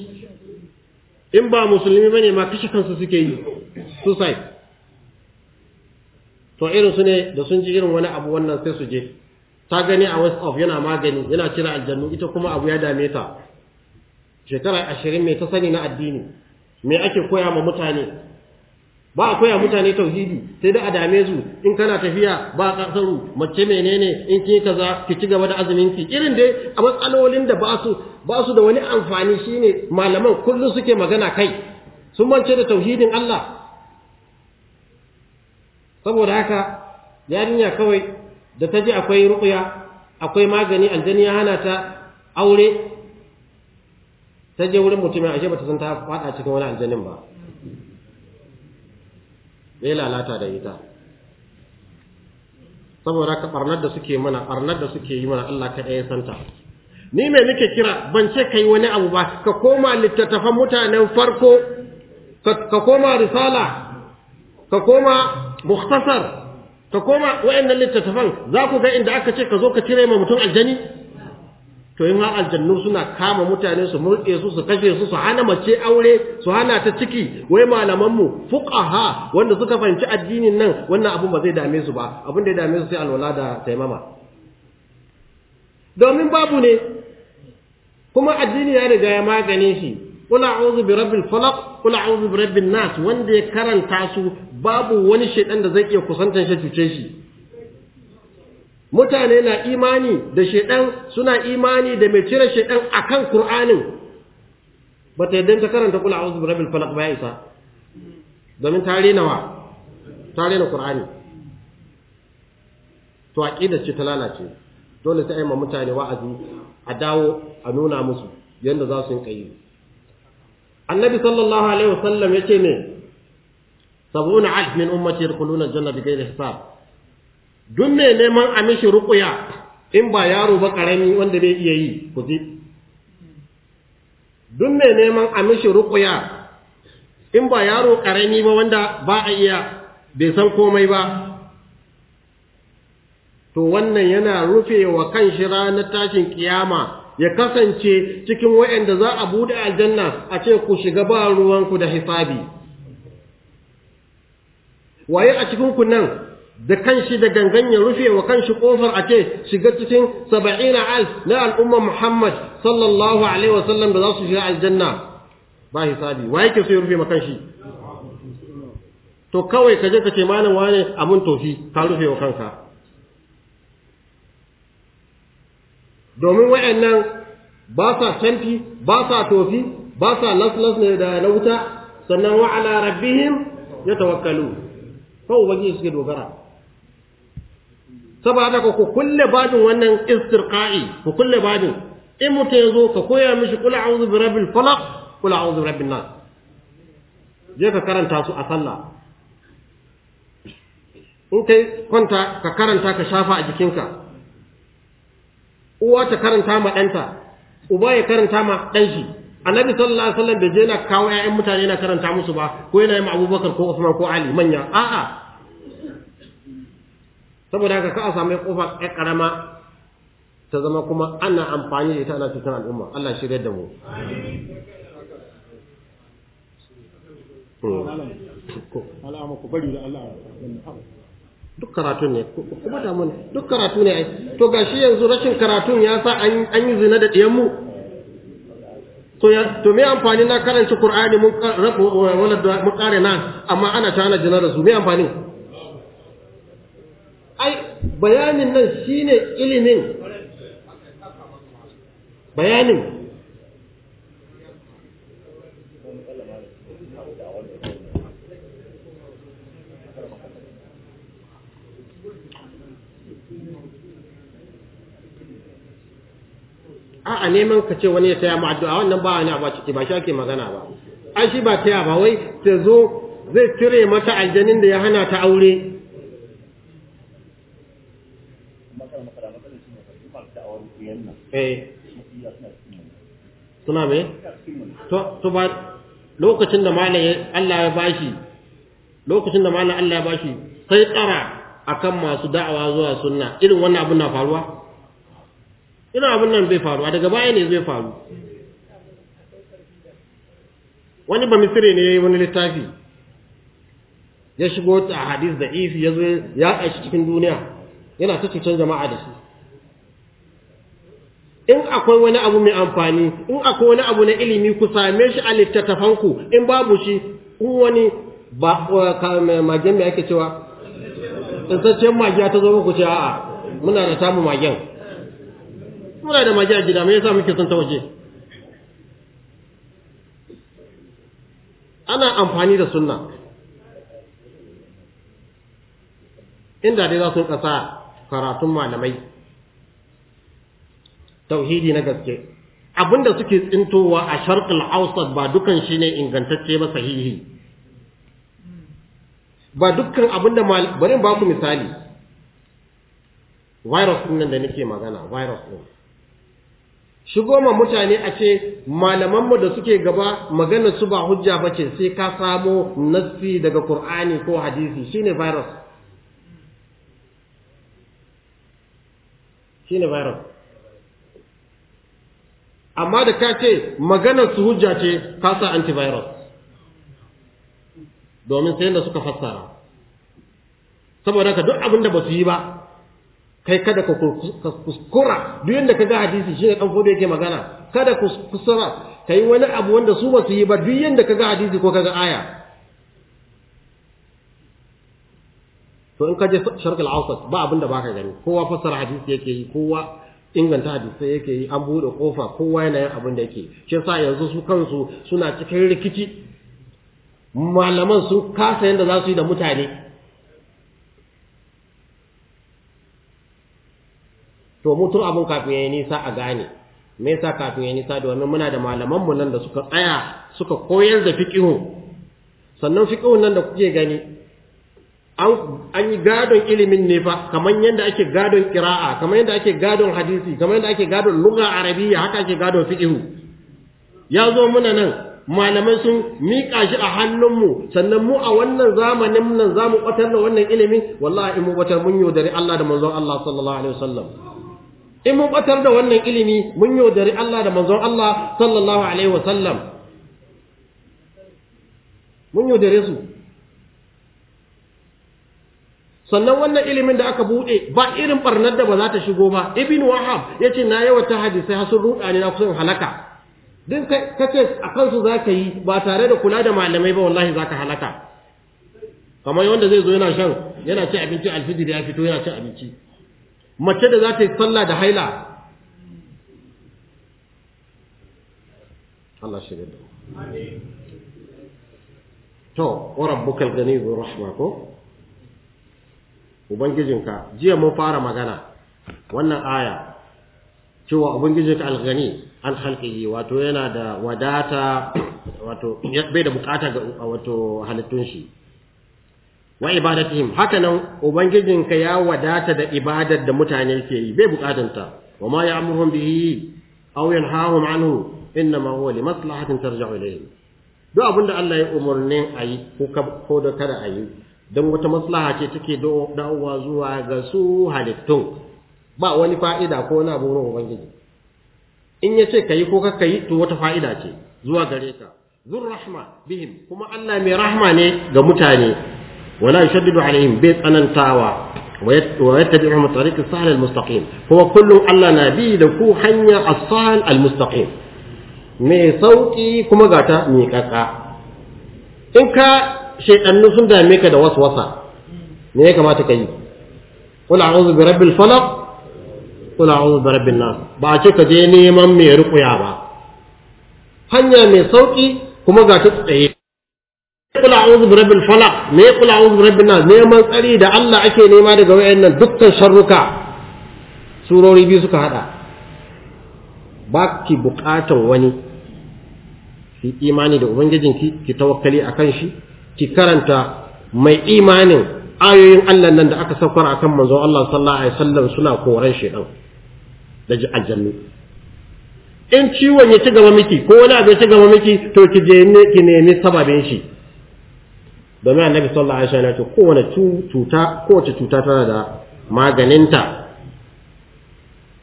in ba musulmi bane ma kashe kansu suke yi suicide to irin su ne da sun ji irin wani abu wannan sai su je ta gani a West Of yana magani yana cire aljannu ita kuma abu ya dame ta shekara ashirin mai ta sani na addini me ake koya ma mutane ba a koya mutane tauhidi sai dai a dame su in kana tafiya ba a kasaru mace menene in kin kaza ki ci gaba da azumin ki irin dai a matsalolin da ba su ba su da wani amfani shine malaman kullum suke magana kai sun mance da tauhidin Allah saboda haka yarinya kawai da ta ji akwai ruƙuya akwai magani aljani ya hana ta aure ta je wurin mutumin ashe bata san ta fada cikin wani aljanin ba zai lalata da ita saboda ka barnar da suke mana barnar da suke yi mana Allah ka ɗaya santa ni mai nake kira ban ce kai wani abu ba ka koma littattafan mutanen farko ka koma risala ka koma muhtasar ka koma wayannan littattafan za ku ga inda aka ce ka zo ka cire ma mutum aljani to in har aljannu suna kama mutane su mulke su su kashe su su hana mace aure su hana ta ciki wai malaman mu fuqaha wanda suka fahimci addinin nan wannan abun ba zai dame su ba abun da ya dame su sai alwala da taimama domin babu ne kuma addini ya riga ya magane shi kula a'udhu bi rabbil falaq kula a'udhu bi rabbin nas wanda ya karanta su babu wani shaidan da zai iya kusantan shi cuce shi mutane na imani da shaidan suna imani da mai cire shaidan akan Kur'anin ba ta yadda ta karanta kula a wasu rabin falak ba isa domin tare nawa tare na qur'ani to aqida ce ta lalace dole sai aima mutane wa'azi a dawo a nuna musu yanda za su yi kayi annabi sallallahu alaihi wasallam yace ne sab'una alf min ummati yadkhuluna aljanna bighairi hisab Dun mai neman a mishi ruqya in ba yaro ba karami wanda bai iya yi ku ji duk mai neman a mishi ruqya in ba yaro karami ba wanda ba a iya bai san komai ba to wannan yana rufe wa kan shi ranar tashin kiyama ya kasance cikin waɗanda za a buɗe aljanna a ce ku shiga ba ruwanku da hisabi waye a cikin ku nan da kanshi da gangan ya rufe wa kanshi kofar a ce shiga cikin saba'ina al na al'umma Muhammad sallallahu alaihi wasallam da za su shiga aljanna ba hisabi waye ke so ya rufe ma kanshi to kawai ka je ka ce malam wane abun tofi ka rufe wa kanka domin wayannan ba sa canfi ba sa tofi ba sa laslas ne da na wuta sannan wa ala rabbihim yatawakkalu to ubangiji suke dogara saboda ka ku kulle babin wannan istirqa'i ku kulle babin in mutum ya zo ka koya mishi kula a'udhu bi rabbil falaq kula a'udhu bi rabbin nas je ka karanta su a sallah in kai kwanta ka karanta ka shafa a jikinka uwa ta karanta ma ɗanta uba ya karanta ma ɗanshi. annabi sallallahu alaihi wasallam bai je na kawo ƴaƴan mutane na karanta musu ba ko yana yin abubakar ko usman ko ali manya a'a saboda haka ka a samu kofa ƴa karama ta zama kuma ana amfani da ita ana cikin al'umma Allah shirya da mu duk karatu ne kuma da mun duk karatu ne ai to gashi yanzu rashin karatun ya sa an yi zina da ɗiyan mu to me amfani na karanta Qur'ani mun wala mun kare na amma ana tana jinar su me amfani ai bayanin nan shine ilimin bayanin a'a neman ka ce wani ya taya mu addu'a wannan ba wani abu ciki ba shi ake magana ba ai shi ba taya ba wai ta zo zai cire mata aljanin da ya hana ta aure eh. suna mai to ba lokacin da malam Allah ya bashi lokacin da malam Allah ya bashi sai tsara akan masu da'awa zuwa sunna irin wannan abu na faruwa ina abin nan zai faru a daga baya ne zai faru wani ba misire ne ya yi wani littafi ya shigo a hadis da ifi ya zo ya ƙashi cikin duniya yana ta cutar jama'a da su in akwai wani abu mai amfani in akwai wani abu na ilimi ku same shi a littattafanku in babu shi in wani ba magen mai ake cewa tsantsaciyar magiya ta zo ku ce a'a muna da tamu magen muna da magi a gida mai yasa muke son ta waje ana amfani da sunna inda dai za su ƙasa karatun malamai tauhidi na gaske abinda suke tsintowa a sharqul awsat ba dukan ne ingantacce ba sahihi ba dukkan abinda bari ba ku misali virus din nan da nake magana virus din shigo ma mutane a ce malamanmu da suke gaba magana su ba hujja ba ce sai ka samo nassi daga Kur'ani ko hadisi shine virus shine virus amma da ka ce maganar su hujja ce ka sa antivirus domin sai da suka fassara saboda ka duk abin da ba su yi ba kai kada ka kuskura duk inda ka ga hadisi shi ne ɗan fodo yake magana kada kuskura ka yi wani abu wanda su ba su yi ba duk inda ka hadisi ko ka aya to in ka je sharkal awsat ba abin da baka gani kowa fassara hadisi yake yi kowa inganta hadisi yake yi an buɗe kofa kowa yana yin abin da yake shi yasa yanzu su kansu suna cikin rikici malaman su kasa yadda za su yi da mutane to mutum abun kafin yayi nisa a gane me yasa kafin yayi nisa domin muna da malaman mu nan da suka tsaya suka koyar da fiqihu sannan fiqihun nan da kuke gani an yi gadon ilimin ne fa kamar yadda ake gadon qira'a kamar yadda ake gadon hadisi kamar yadda ake gadon lugha arabiyya haka ake gadon fiqihu ya zo muna nan malamai sun miƙa shi a hannunmu sannan mu a wannan zamanin nan zamu kwatar da wannan ilimin wallahi in mu batar mun yaudari Allah da manzon Allah sallallahu alaihi wasallam in mun batar da wannan ilimi mun yaudari Allah da manzon Allah sallallahu alaihi wa sallam. mun yaudare su sannan wannan ilimin da aka bude ba irin barnar da ba za ta shigo ba ibn wahab ya ce na yawa ta hadisai har sun ruɗa ne na kusan halaka din ka ce a kansu za ka yi ba tare da kula da malamai ba wallahi zaka ka halaka kamar wanda zai zo yana shan yana cin abinci alfijir ya fito yana cin abinci mace da za ta yi sallah da haila Allah shi gada to wa bukal gani zuwa rahma ko ubangijinka jiya mun fara magana wannan aya cewa ubangijinka algani an halƙiyi wato yana da wadata wato bai da bukata ga wato halittun shi wa ibadatihim haka nan ubangijinka ya wadata da ibadar da mutane ke yi bai bukatanta wa ma ya'muruhum bihi aw yanhahum anhu innama huwa li maslahatin tarja'u ilayhi duk abin da Allah ya umurnin ayi ko ko da kada ayi dan wata maslaha ce take da'awa zuwa ga su halittun ba wani fa'ida ko na burin ubangiji in yace kayi ko ka yi to wata fa'ida ce zuwa gare ka zur rahma bihim kuma Allah mai rahma ne ga mutane ولا يشدد عليهم بيت أنن تاوى ويتبعهم الطريق السهل المستقيم هو كل الله نبي دكو حنيا السهل المستقيم mai sauƙi kuma gata miƙaƙa in ka shaidannu sun dame ka da waswasa me ya kamata ka yi kula a'udhu bi rabbil falaq kula a'udhu bi rabbin nas ba a ce ka je neman mai ruƙuya ba hanya mai sauƙi kuma gata tsaye kula a'udhu bi rabbil falaq me kula a'udhu bi rabbin nas neman tsari da Allah ake nema daga wayannan dukkan sharruka surori biyu suka hada baki bukatan wani ki imani da ubangijinki ki tawakkali akan shi ki karanta mai imanin ayoyin Allah nan da aka saukar akan manzo Allah sallallahu alaihi wasallam suna koran shedan da aljannu in ciwon ya ci gaba miki ko wani abu ya ci gaba miki to ki je ne ki nemi sababin shi domin annabi sallallahu alaihi wasallam ya ce kowace cuta kowace cuta tana da maganinta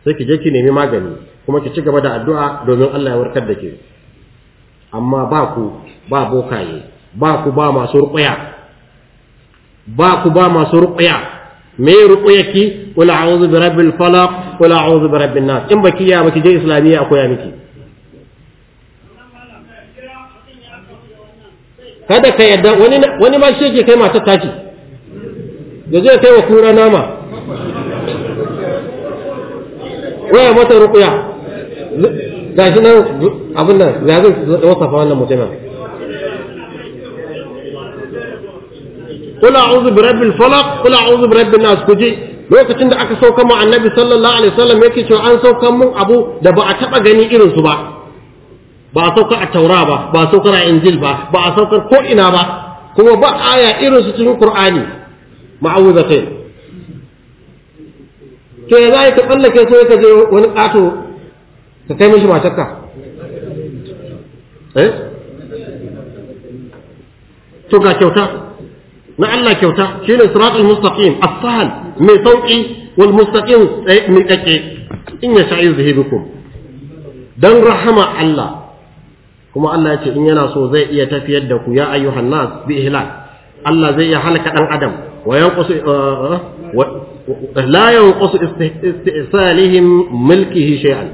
sai ki je ki nemi magani kuma ki ci gaba da addu'a domin Allah ya warkar da ke amma ba ku ba bokaye ba ku ba masu ruqya ba ku ba masu ruqya me ki qul a'udhu bi rabbil falaq qul a'udhu bi rabbin nas in baki ya baki je islamiyya akoya miki kada ka yadda wani ma shi yake kai matar taki da zai kai wa kura nama waya mata rukuya ga shi nan abin nan ya zai wasafa wannan mutumin kula a'udhu bi rabbil falaq kula a'udhu bi rabbin nas kuji lokacin da aka sauka mu annabi sallallahu alaihi wasallam yake cewa an sauka mun abu da ba a taba gani irinsu ba ba a saukar a taura ba ba a saukar a injil ba ba a saukar ko ina ba kuma ba aya irin su cikin qur'ani ma'awuzatain to ya za ka tsallake so ka je wani ƙato ka kai mishi matarka eh to ga kyauta na Allah kyauta shine siratul mustaqim as-sahl mai sauki wal mustaqim eh, mai kake in ya sha'i zuhibukum dan rahama Allah kuma Allah ya ce in yana so zai iya tafiyar da ku ya ayyuhan nas bi ihlak Allah zai iya halaka dan adam wa yanqusu uh, la yanqusu istisalihim mulkihi shay'an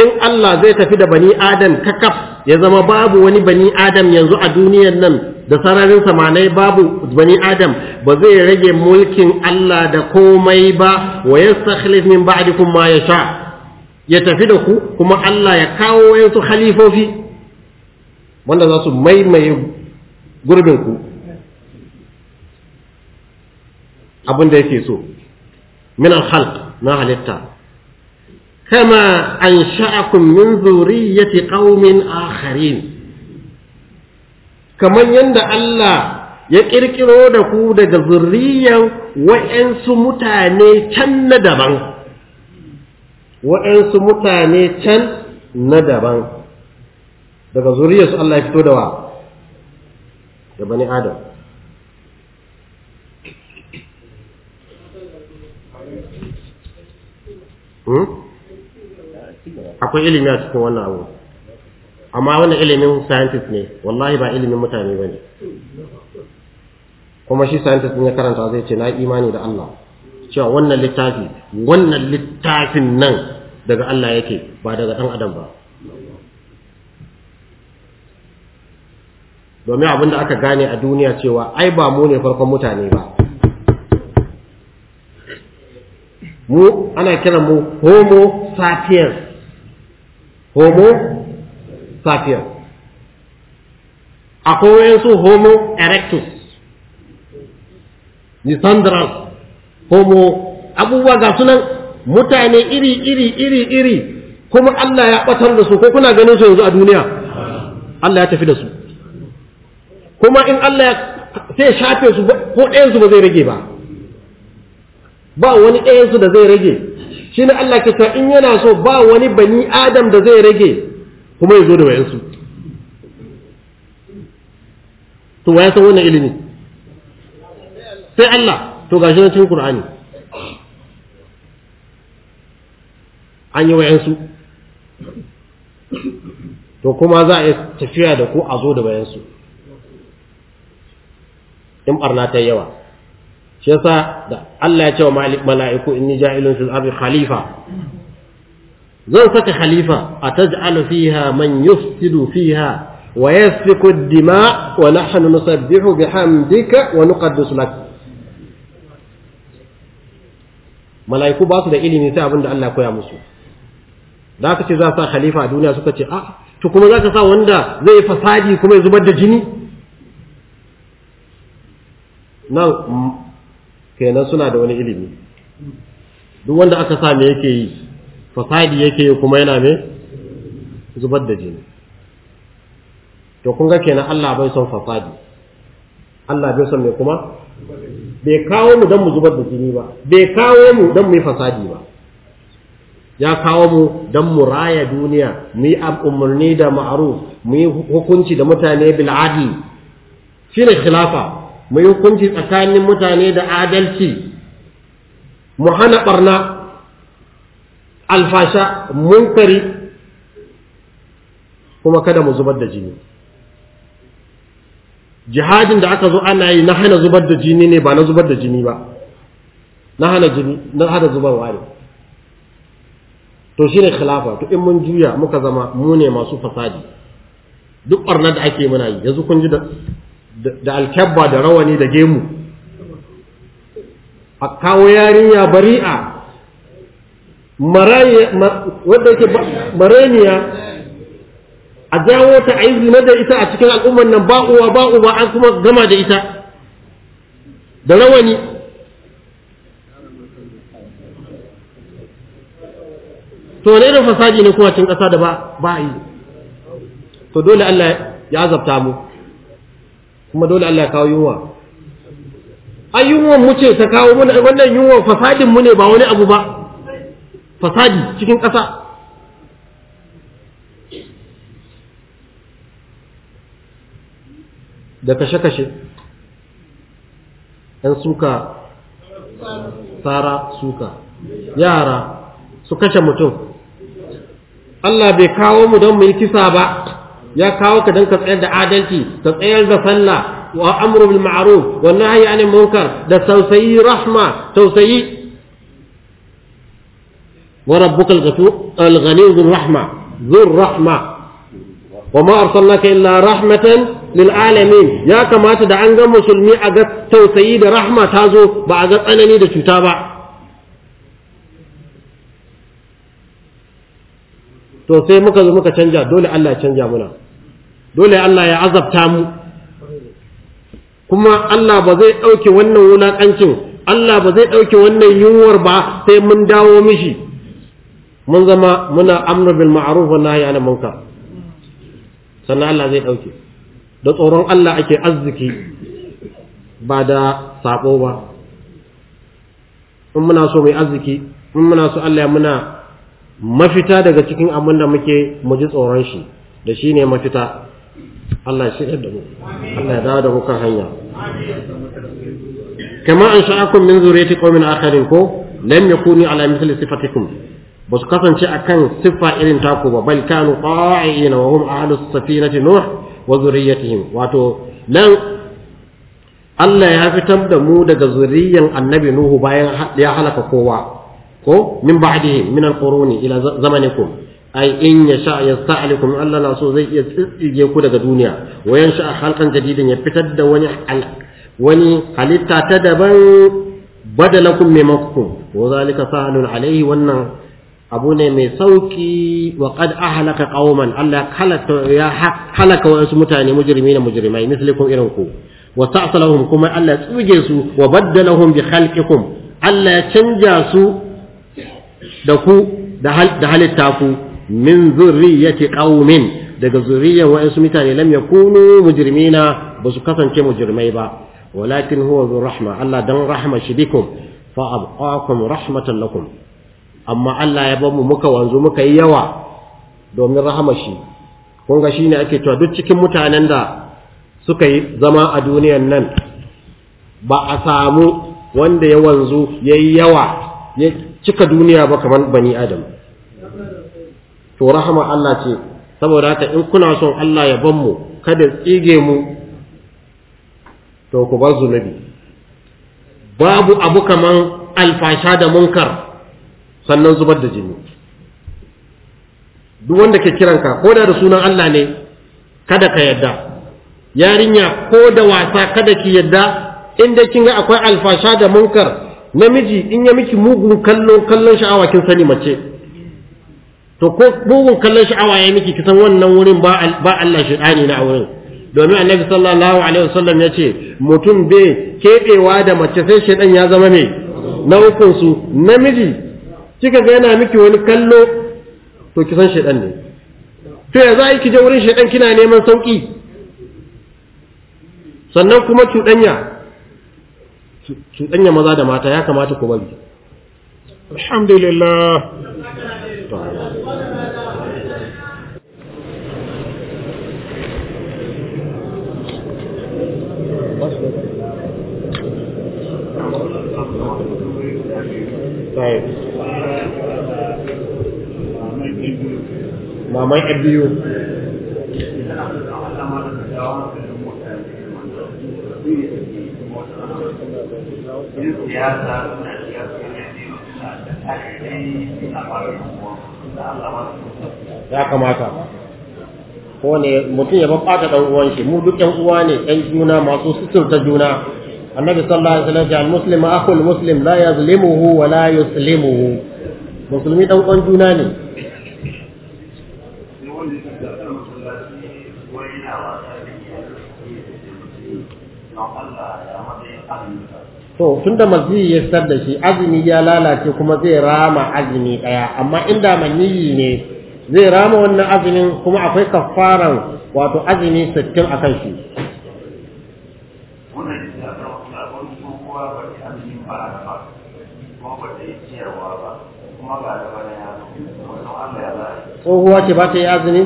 in Allah zai tafi da bani adam kakaf ya zama babu wani bani adam yanzu a duniyar nan da sararin samanai babu bani adam ba zai rage mulkin Allah da komai ba wa yastakhlif min ba'dikum ma yasha' ya tafi da ku kuma Allah ya kawo wayansu halifofi, wanda za su maimaye gurbin ku abin da yake so min al na halitta kama ansha'akum min zurriyyati qaumin akharin Kamar yadda Allah ya ƙirƙiro da ku daga zurriyan wa'yansu mutane can na daban waɗansu mutane can na daban daga zuriyarsu Allah ya fito da wa da bani adam hmm? akwai ilimi a cikin wannan abu amma wannan ilimin scientist ne wallahi ba ilimin mutane ba ne kuma shi scientist ne karanta zai ce na imani da Allah cewa wannan littafi wannan littafin nan daga Allah yake ba daga ɗan adam ba domin abin da aka gane a duniya cewa ai ba mu ne farkon mutane ba mu ana kiran mu homo sapiens homo sapiens akwai su homo erectus nisandrans homo abubuwa ga sunan mutane iri iri iri iri kuma Allah ya batar da su ko kuna ganin su yanzu a duniya Allah ya tafi da su kuma in Allah ya sai shafe su ko ɗayan su ba zai rage ba ba wani ɗayan su da zai rage shi ne Allah ke ta in yana so ba wani bani adam da zai rage kuma ya zo da wayansu to waya san wannan ilimi sai Allah to ga na cikin qur'ani an yi wayansu to kuma za a tafiya da ku a zo da bayansu in barna ta yawa shi yasa da Allah ya ce wa mala'iku inni ja'ilun fil ardi khalifa zan saka khalifa ataj'alu fiha man yufsidu fiha wa yasfiku ad-dima wa nahnu nusabbihu bihamdika wa nuqaddisu lak mala'iku ba su da ilimi sai abin da Allah koya musu da aka ce za sa khalifa a duniya suka ce a ah, to kuma za ka sa wanda zai fasadi kuma ya zubar da jini nan mm, kenan suna da wani ilimi duk wanda aka sa me yake yi fasadi yake yi kuma yana me zubar da jini to kun ga kenan Allah bai son fasadi Allah bai son me kuma bai kawo mu don mu zubar da jini ba bai kawo mu don mu yi fasadi ba ya kawo mu don mu raya duniya mu yi umarni da ma'aruf mu yi hukunci da mutane bil shi ne khilafa mu yi hukunci tsakanin mutane da adalci mu hana ɓarna alfasha munkari kuma kada mu zubar da jini jihadin da aka zo ana yi na hana zubar da jini ne ba na zubar da jini ba na hana jini na hana zubarwa ne to shine khilafa to in mun juya muka zama mu ne masu fasadi duk barnar da ake muna yi yanzu kun ji da da alkabba da rawani da gemu a kawo yarinya bari'a maraniya a jawo ta a yi zina da ita a cikin al'ummar nan ba uwa ba uba an kuma gama da ita da rawani to ne da fasadi ne kuma cin ƙasa da ba ba yi to dole Allah ya azabta mu kuma dole Allah ya kawo yunwa ai yunwa mu ce ta kawo wannan yunwa fasadin mu ne ba wani abu ba fasadi cikin ƙasa da kashe-kashe ‘yan suka tsara suka yara su kashe mutum Allah bai kawo mu don mu yi kisa ba ya kawo ka don ka tsayar da adalci ka tsayar da sallah wa amru bil ma'ruf wa nahyi anil munkar da tausayi rahma tausayi wa rabbukal al ghani zur rahma zur rahma wa ma arsalnaka illa rahmatan lil alamin ya kamata da an ga musulmi a ga tausayi da rahma ta zo ba a ga tsanani da cuta ba to sai muka zo dole Allah ya muna dole Allah ya azabta mu kuma Allah ba zai ɗauke wannan wulaƙancin Allah ba zai ɗauke wannan yunwar ba sai mun dawo mishi mun zama muna amru bil ma'ruf wa nahyi anil munkar sannan Allah zai ɗauke da tsoron Allah ake arziki ba da sabo ba in muna so mai arziki in muna so Allah ya muna mafita daga cikin abin da muke mu ji tsoron shi da shi ne mafita Allah shi da mu Allah ya dawo da kuka hanya kama an sha'akum min zuriyati qaumin akharin ko lam yakuni ala mithli sifatikum ba su kasance akan siffa irin taku ba bal kanu qa'iina wa hum ahlus safinati nuh wa zurriyatihim wato nan Allah ya fitar da mu daga zurriyan annabi Nuhu bayan ya halaka kowa ko min ba'dihi min al-quruni ila zamanikum ai in ya sha ya sa'alikum Allah na so zai iya tsitsige ku daga duniya wa yansha halqan jadidin ya fitar da wani wani halitta ta daban badalakum mimakum wa zalika sahlun alaihi wannan abu ne mai sauki wa qad ahlaka qauman Allah halaka ya halaka wasu mutane mujrimi na mujrimai mislikum irin ku wa ta'salahum kuma Allah tsuge su wa baddalahum bi khalqikum Allah ya canja su da ku da halitta ku min zurriyyati qaumin daga zuriyar wasu mutane lam yakunu mujrimina basu kasance mujrimai ba walakin huwa dhur rahma Allah dan rahma shi bikum fa abqakum rahmatan lakum amma Allah ya bamu muka wanzu muka yi yawa domin rahama shi kun ga shine ake cewa duk cikin mutanen da suka yi zama a duniyan nan ba a samu wanda ya wanzu ya yi yawa ya cika duniya ba kamar bani adam to rahama Allah ce saboda haka in kuna son Allah ya bamu kada tsige mu to ku bar zunubi babu abu kaman alfasha da munkar sannan zubar da jini duk wanda ke kiranka ko da da sunan Allah ne kada ka yadda yarinya ko da wasa kada ki yadda inda kin ga akwai alfasha da munkar namiji in ya miki mugun kallon kallon sha'awa kin sani mace to ko mugun kallon sha'awa ya miki kisan wannan wurin ba ba Allah shirani na wurin domin annabi sallallahu alaihi wasallam ya ce mutum bai kebewa da mace sai shaidan ya zama mai na hukunsu namiji kika ga yana miki wani kallo to ki san shedan ne to ya za ki je wurin shedan kina neman sauki sannan kuma cuɗanya cuɗanya maza da mata ya kamata ku bari alhamdulillah Right. maman yan biyu ya kamata ko ne mutum ya babbata ɗan uwan shi mu duk ɗan uwa ne ɗan juna masu suturta juna annabi sallallahu alaihi wasallam al akhul muslim la yazlimuhu wa la yuslimuhu musulmi ɗan uwan juna ne to tunda maziyi ya fitar da shi azumi ya lalace kuma zai rama azumi daya amma inda maniyi ne zai rama wannan azumin kuma akwai kafaran wato azumi 60 akan shi tsohuwa ce ba ta yi azumi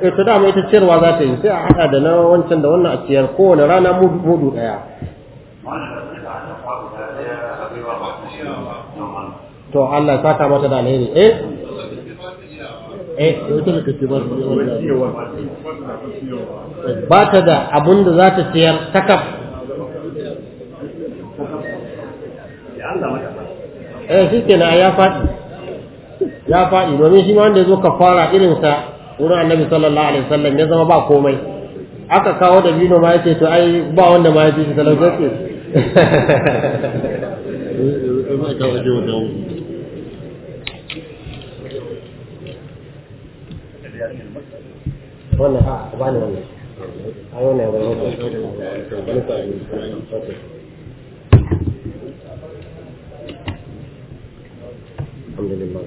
ita eh. eh, dama ita ciyarwa za ta yi sai a haɗa da na wancan da wannan a ciyar kowane rana mudu ɗaya to Allah ya saka mata da alheri eh eh ita da kake ba ba ta da abun da za ta ciyar takaf eh shi na ya faɗi ya faɗi domin shi ma wanda ya zo kafara irinsa wurin annabi sallallahu alaihi wasallam ya zama ba komai aka kawo da bino ma yace to ai ba wanda ma yace shi talauce ce ولا طبعا ولا عيوني ولا الحمد لله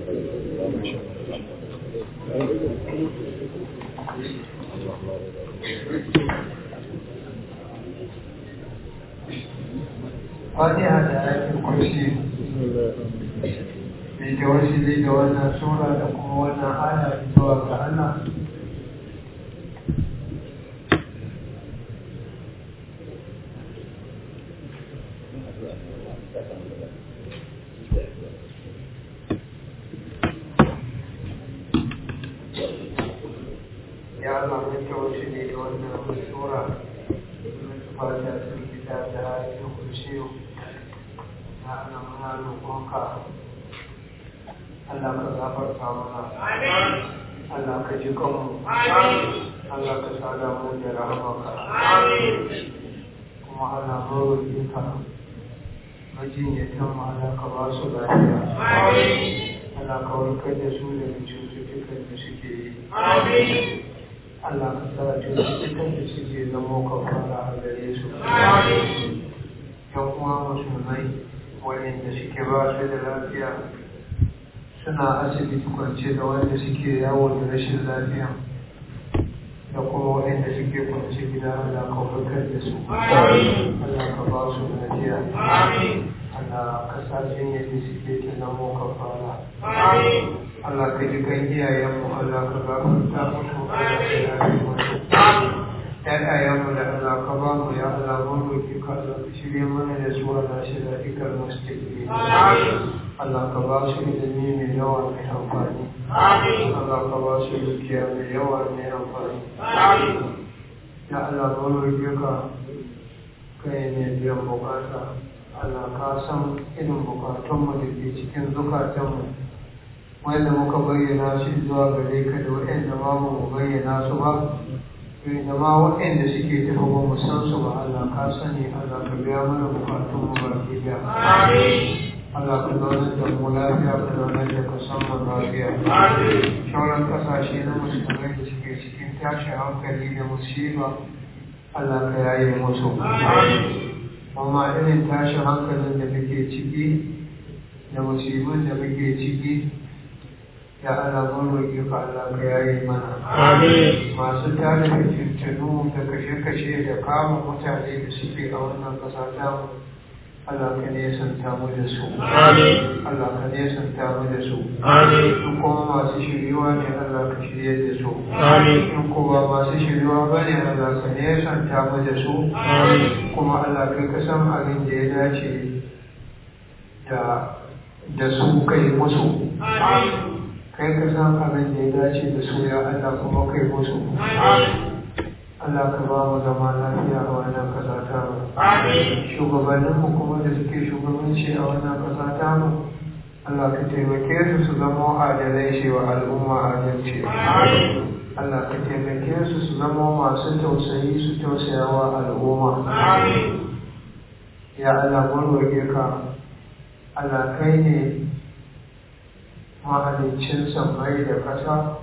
فاتحة آية الكرسي في جواز لي جواز سورة تقوم وانا آية بسوى كأنه Allah mu da rahamarka kuma Allah mu roƙe ka majinyatan mu Allah ka ba su lafiya Allah ka warkar da su daga cututtukan da suke yi Allah ka sa cututtukan da suke zama kafara uwa suke da lafiya suna asibiti kwance da wanda suke yawo da rashin lafiya da kuma waɗanda suke kwanci gida Allah ka warkar da su Allah ka ba su lafiya Allah ka sa jinyayi suke ta zamo ka fara Allah ka ji kan iyayenmu Allah ka gafarta musu Allah ka yafe musu ya'ya mu da ka ba mu ya Allah mun roƙi mana da su mai yawa mai amfani mai yawa mai amfani ya kai ne ka san irin bukatunmu da ke cikin zukatanmu wanda muka bayyana shi zuwa gare ka da waɗanda ba mu bayyana su ba da ma waɗanda suke tafi ba mu san su ba Allah ka sani Allah ka biya mana bukatun mu baki da Allah ka zauna da mu lafiya ka zauna da kasan mu lafiya sauran kasashe na musulmai da suke cikin tashi hankali da musiba Allah ka yaye musu amma irin tashi hankalin da muke ciki da musibin da muke ciki ya Allah mun roƙe ka mana masu tare da tuntunu da kashe-kashe da kama mutane suke a wannan ƙasa ta mu Allah ka nesanta mu da su amin Allah ka nesanta mu da su amin kuma masu shiryuwa ne Allah ka shirye da su amin kuma masu shiryuwa ba ne Allah ka nesanta mu da su amin kuma Allah kai ka san abin da ya dace da da su kai musu amin kai ka san abin da ya dace da su ya Allah kuma kai musu Allah ka ba mu zama lafiya a wannan ƙasa ta shugabanninmu kuma da suke shugabanci a wannan ƙasa ta Allah ka taimake su su zama adalai shi wa al'umma adalci Allah ka taimake su su zama masu tausayi su tausayawa al'umma ya Allah mun roƙe ka Allah kai ne mahalicin samai da ƙasa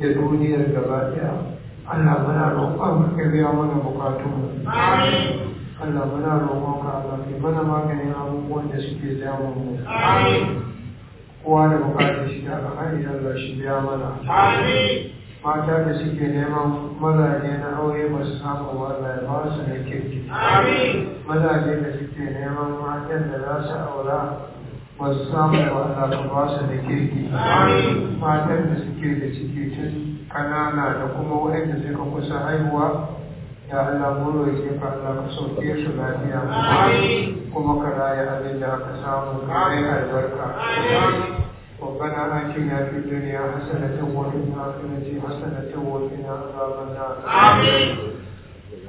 da duniyar gaba ɗaya Allah muna roƙon ka biya mana buƙatunmu Allah muna roƙon ka Allah kai mana maganin abubuwan da suke damun mu kowa da buƙatar shi da alhari Allah shi biya mana mata da suke neman mazaje na aure ba su samu ba Allah ya su na kirki mazaje da suke neman matan da za su aura wasu samun wa Allah ka ba su da kirki matan da suke da ciki tun kanana da kuma waɗanda suka kusa haihuwa ya Allah mu roƙe ka Allah ka sauke kuma ka raya abin da aka albarka ربنا آتنا في الدنيا حسنة وفي الآخرة حسنة وقنا عذاب النار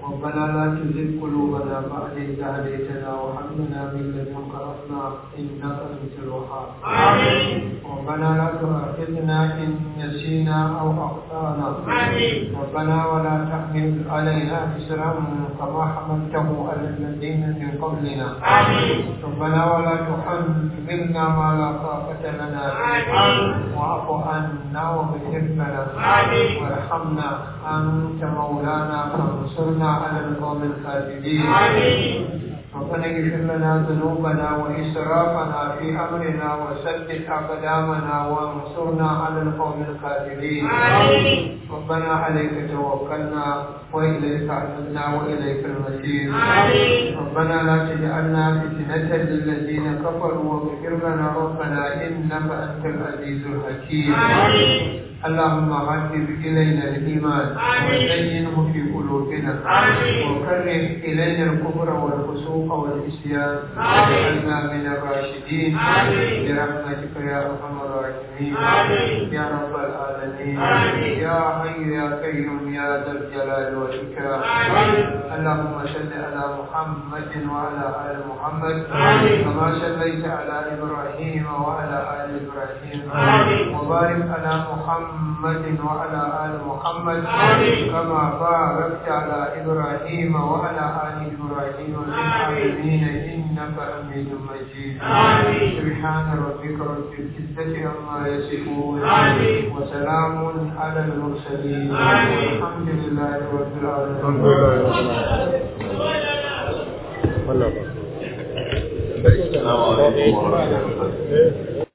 ربنا لا تزغ قلوبنا بعد إذ هديتنا وهب لنا من لدنك رحمة إنك أنت الوهاب ربنا لا تؤاخذنا إن نسينا أو أخطأنا ربنا ولا تحمل علينا إسرا كما حملته على الذين من قبلنا ربنا ولا تحملنا ما لا طاقة لنا واعف عنا واغفر لنا وارحمنا أنت مولانا فانصرنا على القوم الكاذبين ربنا اغفر لنا ذنوبنا وإسرافنا في أمرنا وسدد أقدامنا وانصرنا على القوم الكاذبين ربنا عليك توكلنا وإليك عبدنا وإليك المسير ربنا لا تجعلنا فتنة للذين كفروا واغفر لنا ربنا إنك أنت العزيز الحكيم اللهم غذب إلينا الإيمان وزينه في قلوبنا وكره إلينا الكفر والفسوق والعصيان واجعلنا من الراشدين برحمتك يا أرحم الراحمين يا رب العالمين يا حي يا قيوم يا ذا الجلال والإكرام اللهم صل على محمد وعلى آل محمد كما صليت على إبراهيم وعلى آل إبراهيم وبارك على محمد محمد وعلى آل محمد كما باركت على إبراهيم وعلى آل إبراهيم في إنك حميد مجيد سبحان ربك رب العزة عما يصفون وسلام على المرسلين الحمد لله رب العالمين السلام عليكم ورحمة الله